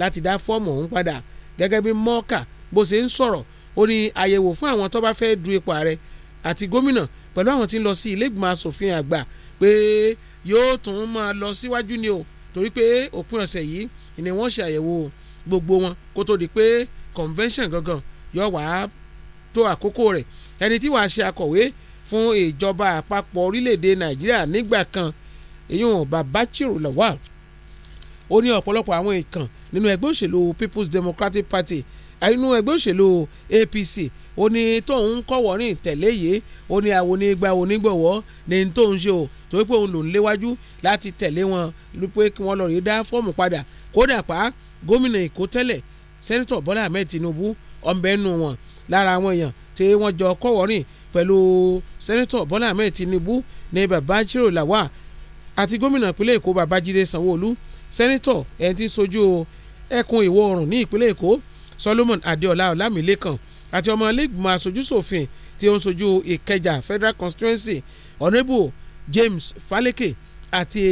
láti dá fọ́ọ̀mù ọ̀hún padà gẹ́gẹ́ bí mọ́ọ̀kà bó ṣe ń sọ̀rọ̀ ó ní àyẹ̀wò fún àwọn tó bá fẹ́ du ipò ààrẹ àti gómìnà pẹ̀lú àwọn tí ń lọ sí ilégbìmọ̀ asòfin àgbà pé yóò tún máa lọ síwájú ni o torí pé òpin ọ̀sẹ̀ yìí ni wọ́n ṣe àyẹ̀wò gbogbo wọn kó tó di pé convention gangan yọ wá tó àkókò rẹ̀ ẹni tí wàá ṣe akọ̀wé fún ìjọba àpapọ̀ orílẹ̀-èdè nàìjíríà nígbà kan èyún Babachir Lawal ó ní ọ̀pọ̀lọpọ̀ àwọn ìkàn nínú ẹgbẹ́ òṣèlú People's Democratic Party nínú ẹgbẹ́ òṣèlú APC ó ní tóun ń kọ̀wọ́ ní ìtẹ̀lé yìí ó ní àwọn onígbà onígbọ̀wọ́ ní tóun ṣe o torí pé òun lòún léwájú láti tẹ̀lé wọn lópé kí wọ́n lọ rí dá fọ́ọ̀mù padà kódà pàápàá gómìnà èkó tẹ́lẹ̀ sẹ́nitọ̀ bọ́lá ahmed tinubu ọ̀nbẹ́nu wọn lára àwọn èèyàn tí wọ́n jọ kọ́wọ́rìn pẹ̀lú sẹ́nitọ̀ bọ́lá ahmed tinubu ní babajiro lawal àti gómìnà ìpínlẹ̀ èkó babajide sanwóolu sẹ́nitọ̀ ẹni tí ń sojú ẹkùn ìwọ̀ oòrùn ní ìpínlẹ̀ èkó solomon adeola ọlámilẹ́kan àti ọmọ ilégbìmọ̀ aṣojúṣòfin tí ó ń sojú ìkẹjà federal constituency honourable james faleke àti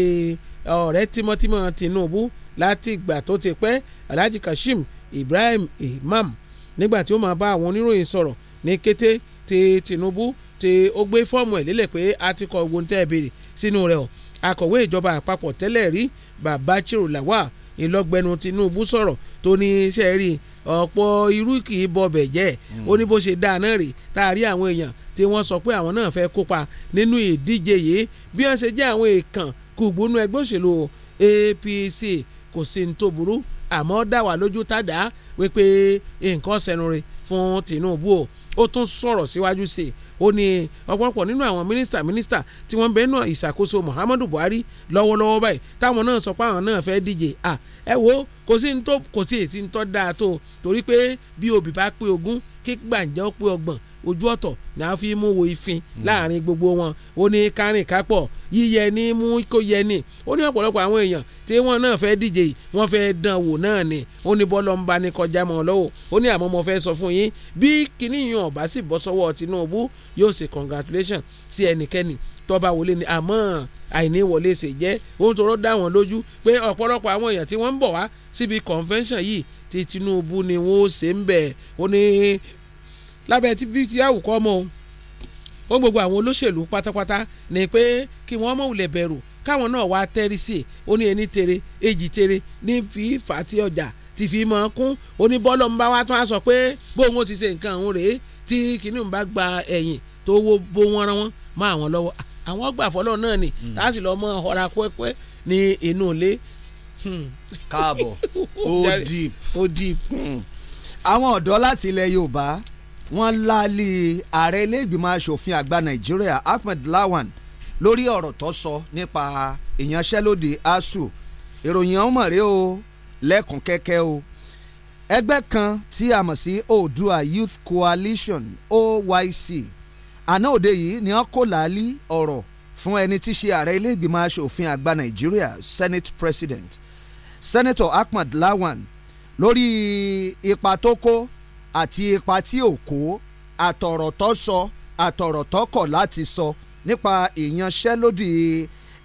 ọ̀rẹ́ tímọ́tímọ́ tinubu láti ìgbà tó ti pẹ́ Alhaji Kashim Ibrahim Imam nígbà tí ó máa bá àwọn oníròyìn sọ̀rọ̀ ní kété tí Tinubu tí ó gbé fọ́ọ̀mù ẹ̀ lélẹ̀ pé a ti kọ ogun tẹ́ ẹ béèrè sínú rẹ̀ o akọ̀wé ìjọba àpapọ̀ tẹ́lẹ̀ rí Babachiro Lawal ìlọgbẹnu Tinubu sọ̀rọ̀ tó ní iṣẹ́ rí ọ̀pọ̀ irú kì í bọbẹ̀ jẹ́ hmm. ó ní bó ṣe dáa náà rè tá a rí àwọn èèyàn tí wọ́n sọ pé àwọn náà fẹ́ kópa nínú ìdíje yìí bí wọ́n ṣe jẹ́ àwọn èèkàn kùgbónú ẹgbẹ́ òṣèlú APC kò sí ní tó burú àmọ́ dá wà lójú tàdá wípé nǹkan sẹnure fún Tinubu o ó tún sọ̀rọ̀ síwájú sí i ó ní ọ̀pọ̀lọpọ̀ nínú àwọn mínísítà mínísítà tí wọ́n ń náà ìṣàkóso Muhammadu Buhari lọ́wọ́lọ́wọ́ báyìí táwọn náà sọ pé àwọn náà fẹ́ díje à ẹ wo kò sí ní tó kò sí èsì ní tó dáa tó torí pé bí obì bá pé ogún kí gbàǹjẹ́ ó pé ọgbọ̀n ojú ọ̀tọ̀ ni a fi mú wo ìfin hmm. láàrin gbogbo wọn ó ní kárìn kápọ̀ yíyẹ ní mú kó yẹ ní ó ní ọ̀pọ̀lọpọ̀ àwọn èèyàn tí wọ́n náà fẹ́ díje wọ́n fẹ́ dán wò náà ni ó ní bọ́ lọ́nba ni kọjá mọ́ lọ́wọ́ ó ní àmọ́ mo fẹ́ sọ fún yín bí kinní yìí ọ̀bá sì bọ́ sọ́wọ́ Tinubu yóò ṣe congratulation sí ẹnikẹ́ni tọ́ba wọlé ni àmọ́ àìní wọlé ṣe jẹ́ ohun tó rọ́ dá wọn lójú pé ọ̀pọ̀lọpọ̀ àwọn èèyàn tí wọ́n ń bọ̀ wá síbi convention yìí ti Tinubu ni wọ́n ó ṣe ń bẹ̀ ó ní lábẹ́ tí bí ti àwùkọ́ ọmọ òun ó ń gbogbo àwọn olóṣèlú pátápátá ní pé kí wọ́n mọ̀ wùlẹ̀ bẹ̀rù káwọn náà wá tẹ́rí sí i ó ní ẹni tere èjì tere ní fífa ti ọjà ti fi mọ̀ ọ́n kún ó ní bọ́ọ̀lù ń bá wá tán á sọ pé bóun ó ti ṣe nǹkan òun rèé tí kìnìún bá gba ẹ̀yìn tó wo bó wọn rán wọn mọ́ àwọn lọ́wọ́ àwọn ọgbà fọlọ́ náà ni hmm. tá a sì ọ̀rá pẹ́pẹ́ ní inú ilé. Hmm. káàbọ̀ ó deep. ó deep. Hmm. àwọn ọ̀dọ́ láti ilẹ̀ Yorùbá wọ́n láàlì ààrẹ ilé ìgbìmọ̀ asòfin àgbà nàìjíríà Ahmed Lawan lórí ọ̀rọ̀ tó sọ nípa ìyanṣẹ́lódì ASUU ìròyìn ọmọ rẹ o lẹ́kùn kẹ́kẹ́ o ẹgbẹ́ kan tí a mọ̀ sí Oòduà Youth Coalition OYC àná òde yìí ni wọ́n kò láàlì ọ̀rọ̀ fún ẹni tí í ṣe ààrẹ ilé ìgbìmọ̀ asòfin àgbà nàìjíríà Senate President Senator Ahmed Lawan lórí ipa tó kó àti ipa tí ò kó àtọ̀rọ̀ tó sọ àtọ̀rọ̀ tó kọ̀ láti sọ nípa ìyanṣẹ́lódì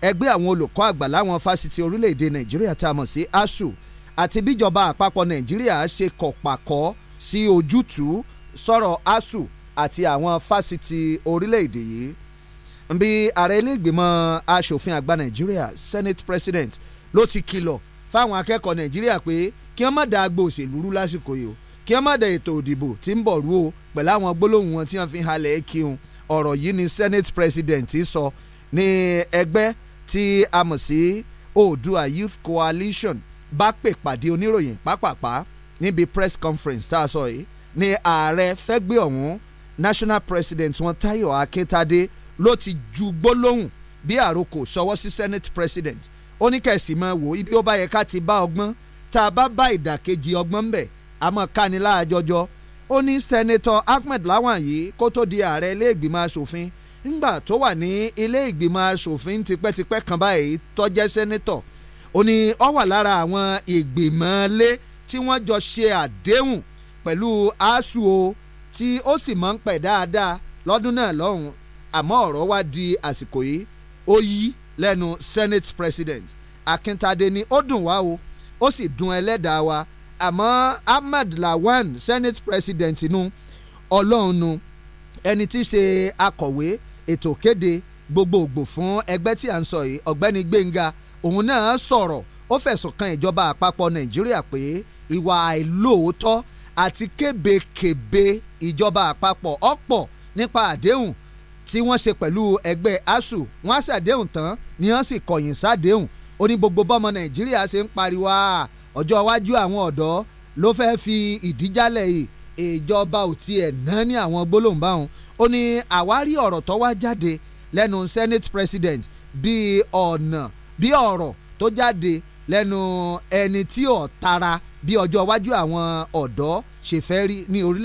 ẹgbẹ́ àwọn olùkọ́ àgbà láwọn fásitì orílẹ̀-èdè nàìjíríà tá a mọ̀ sí ASUU àti bíjọba àpapọ̀ nàìjíríà ṣe kọ̀pàkọ́ sí ojútùú sọ̀rọ̀ ASUU àti àwọn fásitì orílẹ̀-èdè yìí bí ààrẹ ilé asòfin àgbà nàìjíríà senate president ló ti kìlọ̀ fáwọn akẹ́kọ̀ọ́ nàìjíríà pé kí wọ́n má dàgbò òṣèlú rú lásìkò yìí kí wọ́n má dẹ̀ ètò òdìbò tí ń bọ̀ rú o pẹ̀lú àwọn gbólóhùn wọn tí wọ́n fi halẹ̀ kíun ọ̀rọ̀ yìí ni senate president sọ ní ẹgbẹ́ tí a mọ̀ sí Oòduà Youth Coalition bá pè pàdé oníròyìn pápápá níbi press conference tá a sọ yìí ni ààrẹ fẹ́ ọ̀hún national president wọn Táyọ̀ Akíntadé ló ti ju gbólóhùn bí àròkò ṣọwọ́ sí senate president ó ní kẹ̀sì wò ibi ó bá yẹ ká ti bá ọgbọ́n tá a bá bá ìdàkejì ọgbọ́n bẹ́ẹ̀ àmọ́ kánilá jọjọ ó ní sẹ́nẹ́tọ̀ Ahmed Lawan yìí kó tó di ààrẹ ilé ìgbìmọ̀ asòfin ńgbà tó wà ní ilé ìgbìmọ̀ asòfin tipẹ́tipẹ́ kan báyìí tó jẹ́ sẹ́nẹ́tọ̀ ó ní ó wà lára àwọn ìgbìmọ̀ lé tí wọ́n jọ ṣe àdéhùn pẹ̀lú ASUU o tí ó sì mọ̀ ń pẹ̀ dáadáa lọ́dún náà lọ́hùn àmọ́ ọ̀rọ̀ wá di àsìkò yìí ó yí lẹ́nu Senate President Akíntadé ni ó dùn wá o ó sì dùn ẹlẹ́dàá wa àmọ́ Ahmad Lawan Senate President nu ọlọ́run nu ẹni tí í ṣe akọ̀wé ètò kéde gbogbogbò fún ẹgbẹ́ tí a ń sọ yìí ọ̀gbẹ́ni Gbénga òun náà sọ̀rọ̀ ó fẹ̀sùn kan ìjọba àpapọ̀ Nàìjíríà pé ìwà àìlóòótọ́ àti kébékèbé ìjọba àpapọ̀ ọ̀pọ̀ nípa àdéhùn tí wọ́n ṣe pẹ̀lú ẹgbẹ́ ASUU wọ́n á ṣàdéhùn tán ni wọ́n sì kọ̀yìn sáàdéhùn ó ní gbogbo bọ́mọ Nàìjíríà ṣe ń pariwo àà ọjọ́ iwájú àwọn ọ̀dọ́ ló fẹ́ fi ìdíjálẹ̀ yìí ìjọba ò tiẹ̀ ná ní àwọn gbólóhùn báwọn ó ní àwárí ọ̀rọ̀ tó wá jáde lẹ́nu senate president bíi ọ̀nà bíi ọ̀rọ̀ tó jáde lẹ́nu ẹni tí ò tara bí ọjọ́ iwájú àwọn ọ̀dọ́ ṣe fẹ́ rí ní orílẹ̀